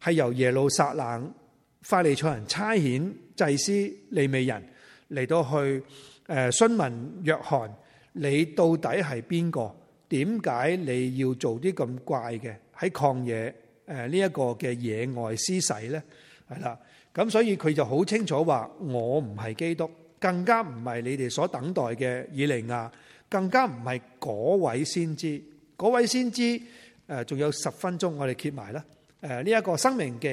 係由耶路撒冷、法利賽人、差遣祭司、利未人嚟到去誒，詢問約翰：你到底係邊個？點解你要做啲咁怪嘅？喺曠野誒呢一個嘅野外施洗咧？係啦，咁所以佢就好清楚話：我唔係基督，更加唔係你哋所等待嘅以利亞，更加唔係嗰位先知。嗰位先知，誒仲有十分鐘，我哋揭埋啦。誒呢一個《申命記》，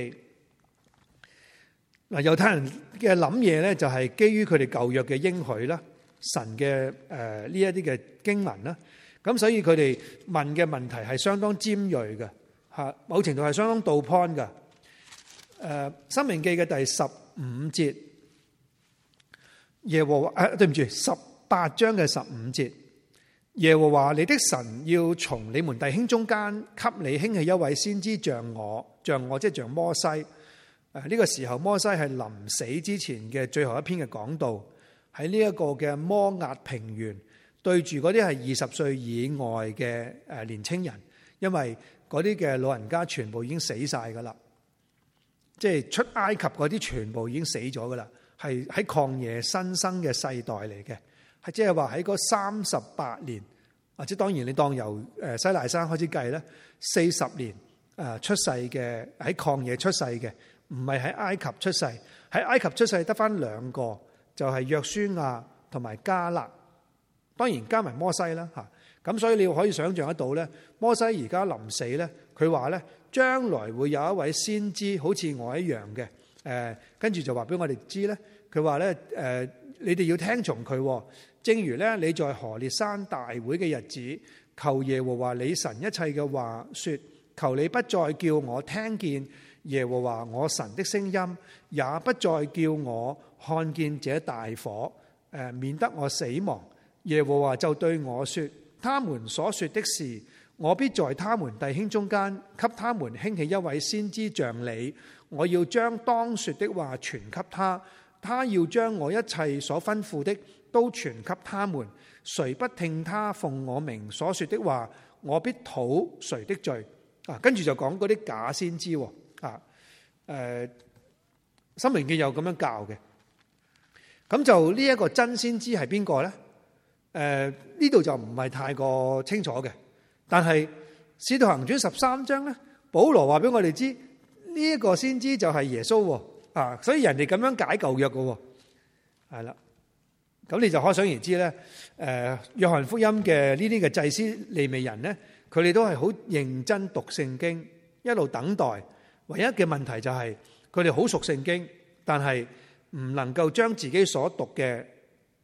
嗱猶太人嘅諗嘢咧，就係基於佢哋舊約嘅應許啦，神嘅誒呢一啲嘅經文啦。咁所以佢哋問嘅問題係相當尖鋭嘅，嚇，某程度係相當到 point 嘅。誒《申命記》嘅第十五節，耶和華誒對唔住，十八章嘅十五節。耶和華，你的神要從你們弟兄中間，給你興起一位先知，像我，像我，即係像摩西。誒，呢個時候摩西係臨死之前嘅最後一篇嘅講道，喺呢一個嘅摩押平原，對住嗰啲係二十歲以外嘅誒年青人，因為嗰啲嘅老人家全部已經死晒噶啦，即係出埃及嗰啲全部已經死咗噶啦，係喺曠野新生嘅世代嚟嘅。係即係話喺嗰三十八年，或者當然你當由誒西奈山開始計咧，四十年誒，出世嘅，喺曠野出世嘅，唔係喺埃及出世。喺埃及出世得返兩個，就係約書亞同埋加勒。當然加埋摩西啦嚇。咁所以你可以想象得到咧，摩西而家臨死咧，佢話咧將來會有一位先知好似我一樣嘅誒，跟住就話俾我哋知咧。佢話咧誒。呃你哋要聽從佢，正如呢，你在何烈山大會嘅日子，求耶和華你神一切嘅話說，求你不再叫我聽見耶和華我神的聲音，也不再叫我看見這大火，誒，免得我死亡。耶和華就對我說，他們所說的事，我必在他們弟兄中間，給他們興起一位先知像你，我要將當說的話傳給他。他要將我一切所吩咐的都傳給他們，誰不聽他奉我名所說的話，我必討誰的罪。啊，跟住就講嗰啲假先知。啊，誒、呃，申命記又咁樣教嘅，咁就呢一個真先知係邊個咧？誒、呃，呢度就唔係太過清楚嘅，但係使徒行傳十三章咧，保羅話俾我哋知呢一個先知就係耶穌，啊。啊！所以人哋咁樣解舊約嘅，係啦，咁你就可想而知咧。誒，約翰福音嘅呢啲嘅祭司、利未人咧，佢哋都係好認真讀聖經，一路等待。唯一嘅問題就係佢哋好熟聖經，但係唔能夠將自己所讀嘅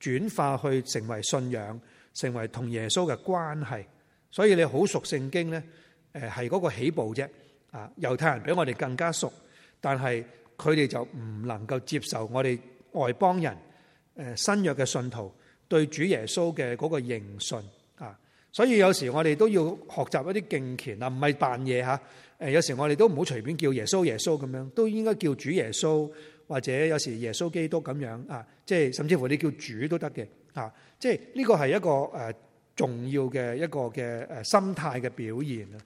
轉化去成為信仰，成為同耶穌嘅關係。所以你好熟聖經咧，誒係嗰個起步啫。啊，猶太人比我哋更加熟，但係。佢哋就唔能夠接受我哋外邦人，誒，新約嘅信徒對主耶穌嘅嗰個認信啊，所以有時我哋都要學習一啲敬虔啊，唔係扮嘢嚇誒。有時我哋都唔好隨便叫耶穌耶穌咁樣，都應該叫主耶穌，或者有時耶穌基督咁樣啊，即係甚至乎你叫主都得嘅啊，即係呢個係一個誒重要嘅一個嘅誒心態嘅表現啦。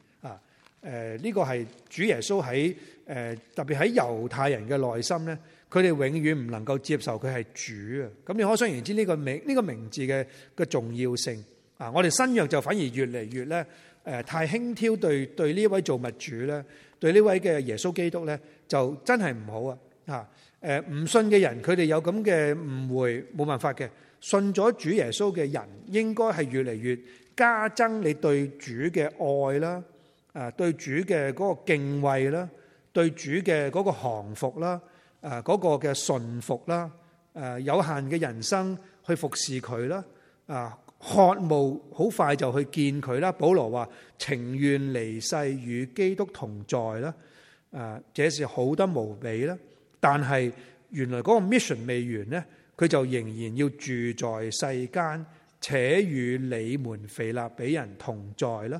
誒，呢個係主耶穌喺誒，特別喺猶太人嘅內心咧，佢哋永遠唔能夠接受佢係主啊。咁你可想而知呢個名呢個名字嘅嘅重要性啊。我哋新約就反而越嚟越咧誒，太輕佻對對呢位造物主咧，對呢位嘅耶穌基督咧，就真係唔好啊。吓誒，唔信嘅人佢哋有咁嘅誤會，冇辦法嘅。信咗主耶穌嘅人，應該係越嚟越加增你對主嘅愛啦。啊！對主嘅嗰個敬畏啦，對主嘅嗰個降服啦，啊嗰個嘅順服啦，誒有限嘅人生去服侍佢啦，啊渴慕好快就去見佢啦。保羅話：情願離世與基督同在啦，啊這是好得無比啦。但係原來嗰個 mission 未完呢，佢就仍然要住在世間，且與你們腓立比人同在啦。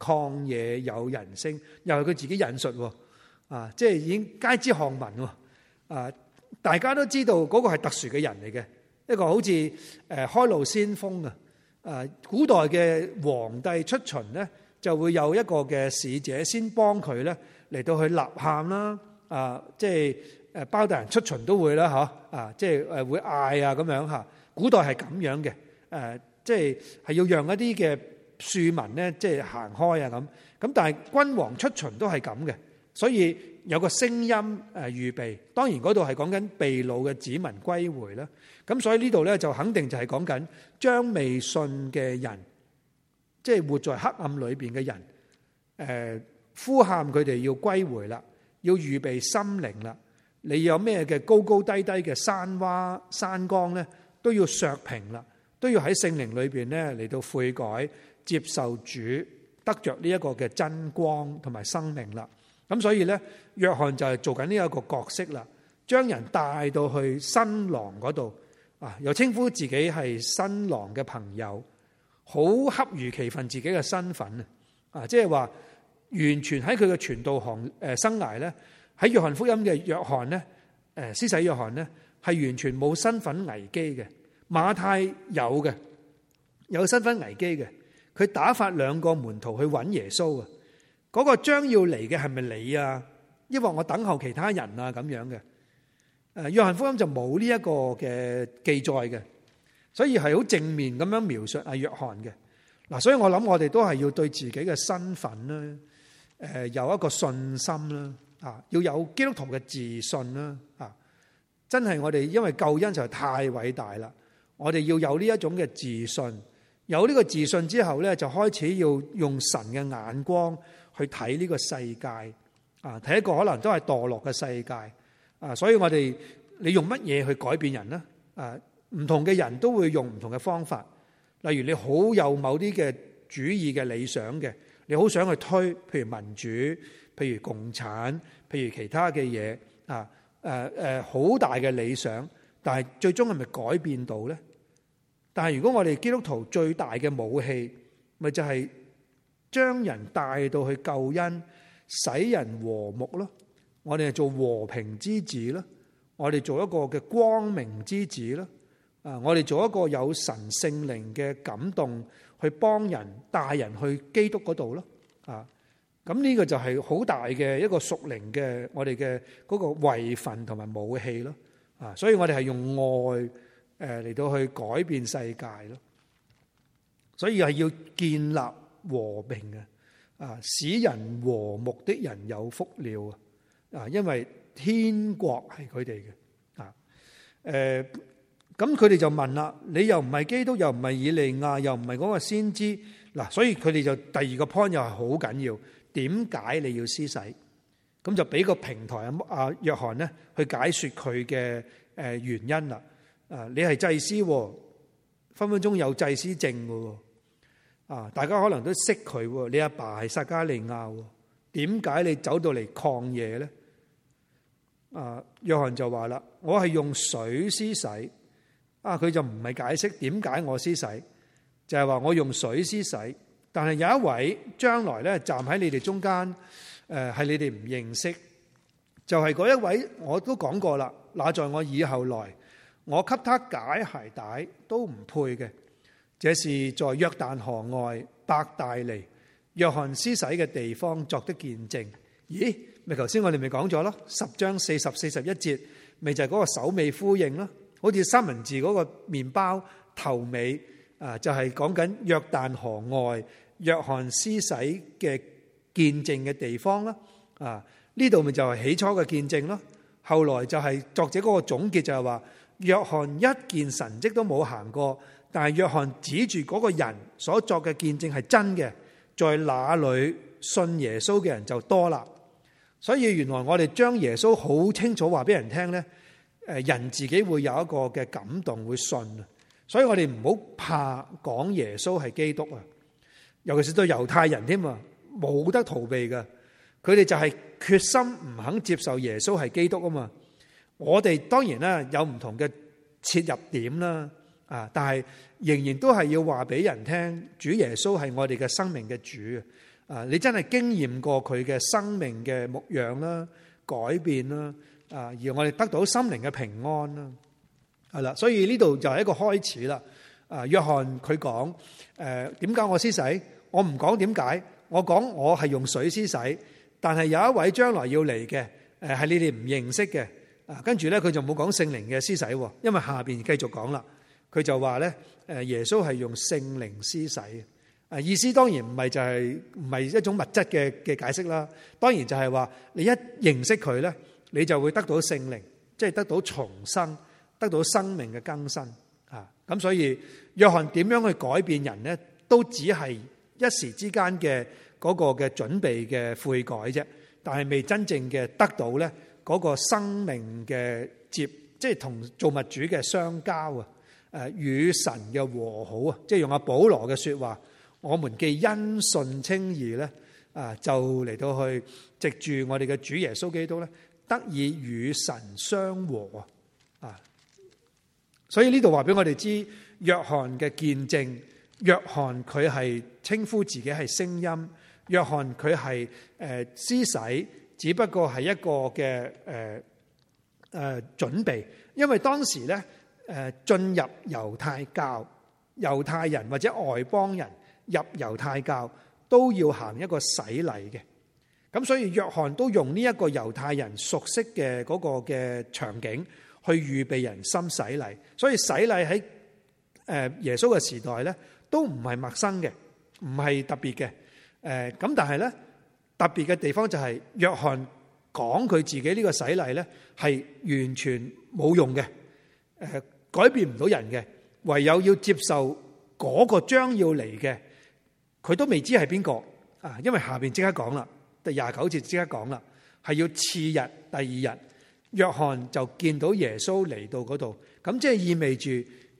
曠野有人聲，又係佢自己引述喎，啊，即係已經街知巷聞喎，啊，大家都知道嗰個係特殊嘅人嚟嘅，一個好似誒開路先鋒啊，啊，古代嘅皇帝出巡咧就會有一個嘅使者先幫佢咧嚟到去吶喊啦，啊，即係誒包大人出巡都會啦，嚇，啊，即係誒會嗌啊咁樣嚇，古代係咁樣嘅，誒，即係係要讓一啲嘅。庶民咧，即係行開啊！咁咁，但係君王出巡都係咁嘅，所以有個聲音誒預備。當然嗰度係講緊被擄嘅子民歸回啦。咁所以呢度咧就肯定就係講緊將未信嘅人，即係活在黑暗裏邊嘅人，誒呼喊佢哋要歸回啦，要預備心靈啦。你有咩嘅高高低低嘅山窪山岡咧，都要削平啦，都要喺聖靈裏邊咧嚟到悔改。接受主得着呢一個嘅真光同埋生命啦，咁所以呢，約翰就係做緊呢一個角色啦，將人帶到去新郎嗰度啊，又稱呼自己係新郎嘅朋友，好恰如其分自己嘅身份啊！即係話完全喺佢嘅傳道行誒生涯咧，喺約翰福音嘅約翰咧，誒，施洗約翰咧係完全冇身份危機嘅，馬太有嘅，有身份危機嘅。佢打發兩個門徒去揾耶穌啊！嗰個將要嚟嘅係咪你啊？抑或我等候其他人啊？咁樣嘅，誒，約翰福音就冇呢一個嘅記載嘅，所以係好正面咁樣描述阿約翰嘅。嗱，所以我諗我哋都係要對自己嘅身份咧，誒，有一個信心啦，啊，要有基督徒嘅自信啦，啊，真係我哋因為救恩就太偉大啦，我哋要有呢一種嘅自信。有呢個自信之後咧，就開始要用神嘅眼光去睇呢個世界，啊，睇一個可能都係墮落嘅世界，啊，所以我哋你用乜嘢去改變人呢？啊，唔同嘅人都會用唔同嘅方法，例如你好有某啲嘅主義嘅理想嘅，你好想去推，譬如民主，譬如共產，譬如其他嘅嘢，啊，誒誒，好大嘅理想，但係最終係咪改變到呢？但係如果我哋基督徒最大嘅武器，咪就係將人帶到去救恩，使人和睦咯。我哋係做和平之子咯，我哋做一個嘅光明之子咯。啊，我哋做一個有神聖靈嘅感動，去幫人帶人去基督嗰度咯。啊，咁呢個就係好大嘅一個屬靈嘅我哋嘅嗰個位份同埋武器咯。啊，所以我哋係用愛。誒，嚟到去改變世界咯，所以係要建立和平嘅。啊，使人和睦的人有福了啊，啊，因為天國係佢哋嘅啊，誒，咁佢哋就問啦，你又唔係基督，又唔係以利亞，又唔係嗰個先知，嗱，所以佢哋就第二個 point 又係好緊要，點解你要施洗？咁就俾個平台啊啊約翰呢去解說佢嘅誒原因啦。啊！你係祭司喎，分分鐘有祭司證嘅喎。啊，大家可能都識佢喎。你阿爸係撒加利亞喎，點解你走到嚟抗嘢咧？啊，約翰就話啦：我係用水施洗。啊，佢就唔係解釋點解我施洗，就係話我用水施洗。但係有一位將來咧站喺你哋中間，誒係你哋唔認識，就係嗰一位我都講過啦，那在我以後來。我給他解鞋帶都唔配嘅，這是在約旦河外伯大尼約翰施洗嘅地方作的見證。咦？咪頭先我哋咪講咗咯，十章四十四十一節咪就係、是、嗰個首尾呼應咯，好似三文治嗰個麵包頭尾啊，就係講緊約旦河外約翰施洗嘅見證嘅地方啦。啊，呢度咪就係起初嘅見證咯，後來就係作者嗰個總結就係話。約翰一件神蹟都冇行過，但係約翰指住嗰個人所作嘅見證係真嘅，在那裏信耶穌嘅人就多啦。所以原來我哋將耶穌好清楚話俾人聽咧，誒人自己會有一個嘅感動會信，所以我哋唔好怕講耶穌係基督啊，尤其是對猶太人添啊，冇得逃避嘅，佢哋就係決心唔肯接受耶穌係基督啊嘛。我哋當然啦，有唔同嘅切入點啦，啊！但係仍然都係要話俾人聽，主耶穌係我哋嘅生命嘅主啊！你真係經驗過佢嘅生命嘅模樣啦、改變啦，啊！而我哋得到心靈嘅平安啦，係啦。所以呢度就係一個開始啦。啊，約翰佢講誒，點解我先洗？我唔講點解，我講我係用水先洗，但係有一位將來要嚟嘅，誒，係你哋唔認識嘅。跟住咧佢就冇講聖靈嘅施洗喎，因為下邊繼續講啦。佢就話咧，誒耶穌係用聖靈施洗。啊，意思當然唔係就係唔係一種物質嘅嘅解釋啦。當然就係話你一認識佢咧，你就會得到聖靈，即係得到重生，得到生命嘅更新。啊，咁所以約翰點樣去改變人咧，都只係一時之間嘅嗰個嘅準備嘅悔改啫，但係未真正嘅得到咧。嗰、那個生命嘅接，即係同造物主嘅相交啊！誒，與神嘅和好啊！即係用阿保羅嘅說話，我們嘅因信稱義咧，啊，就嚟到去藉住我哋嘅主耶穌基督咧，得以與神相和啊！所以呢度話俾我哋知，約翰嘅見證，約翰佢係稱呼自己係聲音，約翰佢係誒施洗。只不過係一個嘅，誒誒準備，因為當時咧誒進入猶太教，猶太人或者外邦人入猶太教都要行一個洗禮嘅。咁所以約翰都用呢一個猶太人熟悉嘅嗰個嘅場景去預備人心洗禮，所以洗禮喺誒耶穌嘅時代咧都唔係陌生嘅，唔係特別嘅誒咁，但係咧。特別嘅地方就係約翰講佢自己呢個洗禮咧，係完全冇用嘅，誒改變唔到人嘅，唯有要接受嗰個將要嚟嘅，佢都未知係邊個啊？因為下邊即刻講啦，第廿九節即刻講啦，係要次日第二日，約翰就見到耶穌嚟到嗰度，咁即係意味住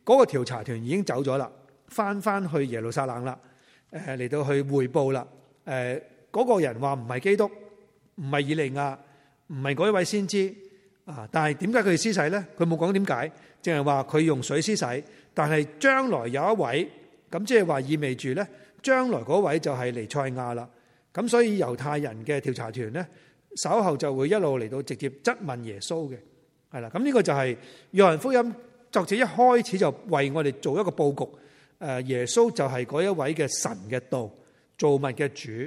嗰個調查團已經走咗啦，翻翻去耶路撒冷啦，誒嚟到去匯報啦，誒、呃。嗰個人話唔係基督，唔係以利亞，唔係嗰一位先知啊！但係點解佢哋施洗咧？佢冇講點解，淨係話佢用水施洗。但係將來有一位，咁即係話意味住咧，將來嗰位就係彌賽亞啦。咁所以猶太人嘅調查團咧，稍後就會一路嚟到直接質問耶穌嘅，係啦。咁呢個就係《約翰福音》作者一開始就為我哋做一個佈局。誒，耶穌就係嗰一位嘅神嘅道，造物嘅主。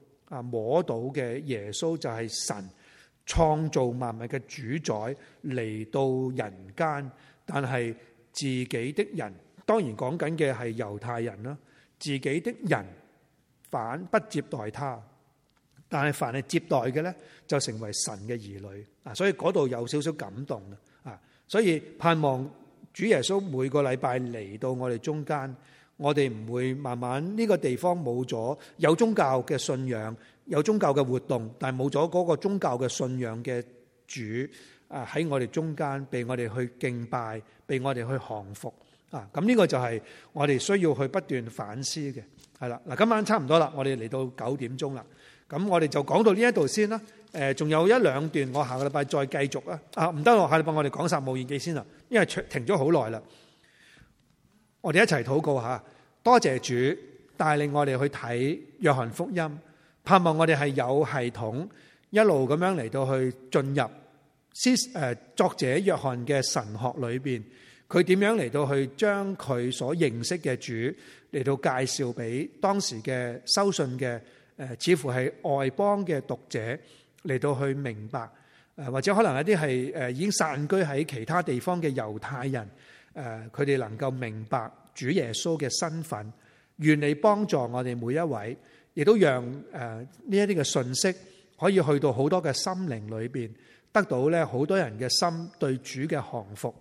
啊！摸到嘅耶穌就係神創造萬物嘅主宰嚟到人間，但係自己的人當然講緊嘅係猶太人啦，自己的人反不接待他，但係凡係接待嘅呢，就成為神嘅兒女啊！所以嗰度有少少感動啊！所以盼望主耶穌每個禮拜嚟到我哋中間。我哋唔會慢慢呢、這個地方冇咗有，有宗教嘅信仰，有宗教嘅活動，但係冇咗嗰個宗教嘅信仰嘅主啊喺我哋中間，被我哋去敬拜，被我哋去降服啊！咁、這、呢個就係我哋需要去不斷反思嘅。係啦，嗱，今晚差唔多啦，我哋嚟到九點鐘啦，咁我哋就講到呢一度先啦。誒、呃，仲有一兩段，我下個禮拜再繼續啦。啊，唔得啦，下個禮拜我哋講《撒母耳記》先啦，因為停咗好耐啦。我哋一齊禱告下，多謝主帶領我哋去睇約翰福音，盼望我哋係有系統一路咁樣嚟到去進入，誒作者約翰嘅神學裏邊，佢點樣嚟到去將佢所認識嘅主嚟到介紹俾當時嘅收信嘅誒、呃，似乎係外邦嘅讀者嚟到去明白，誒、呃、或者可能一啲係誒已經散居喺其他地方嘅猶太人。誒，佢哋能夠明白主耶穌嘅身份，願意幫助我哋每一位，亦都讓誒呢一啲嘅信息可以去到好多嘅心靈裏邊，得到咧好多人嘅心對主嘅降服，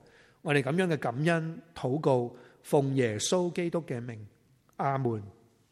我哋咁樣嘅感恩禱告，奉耶穌基督嘅名，阿門。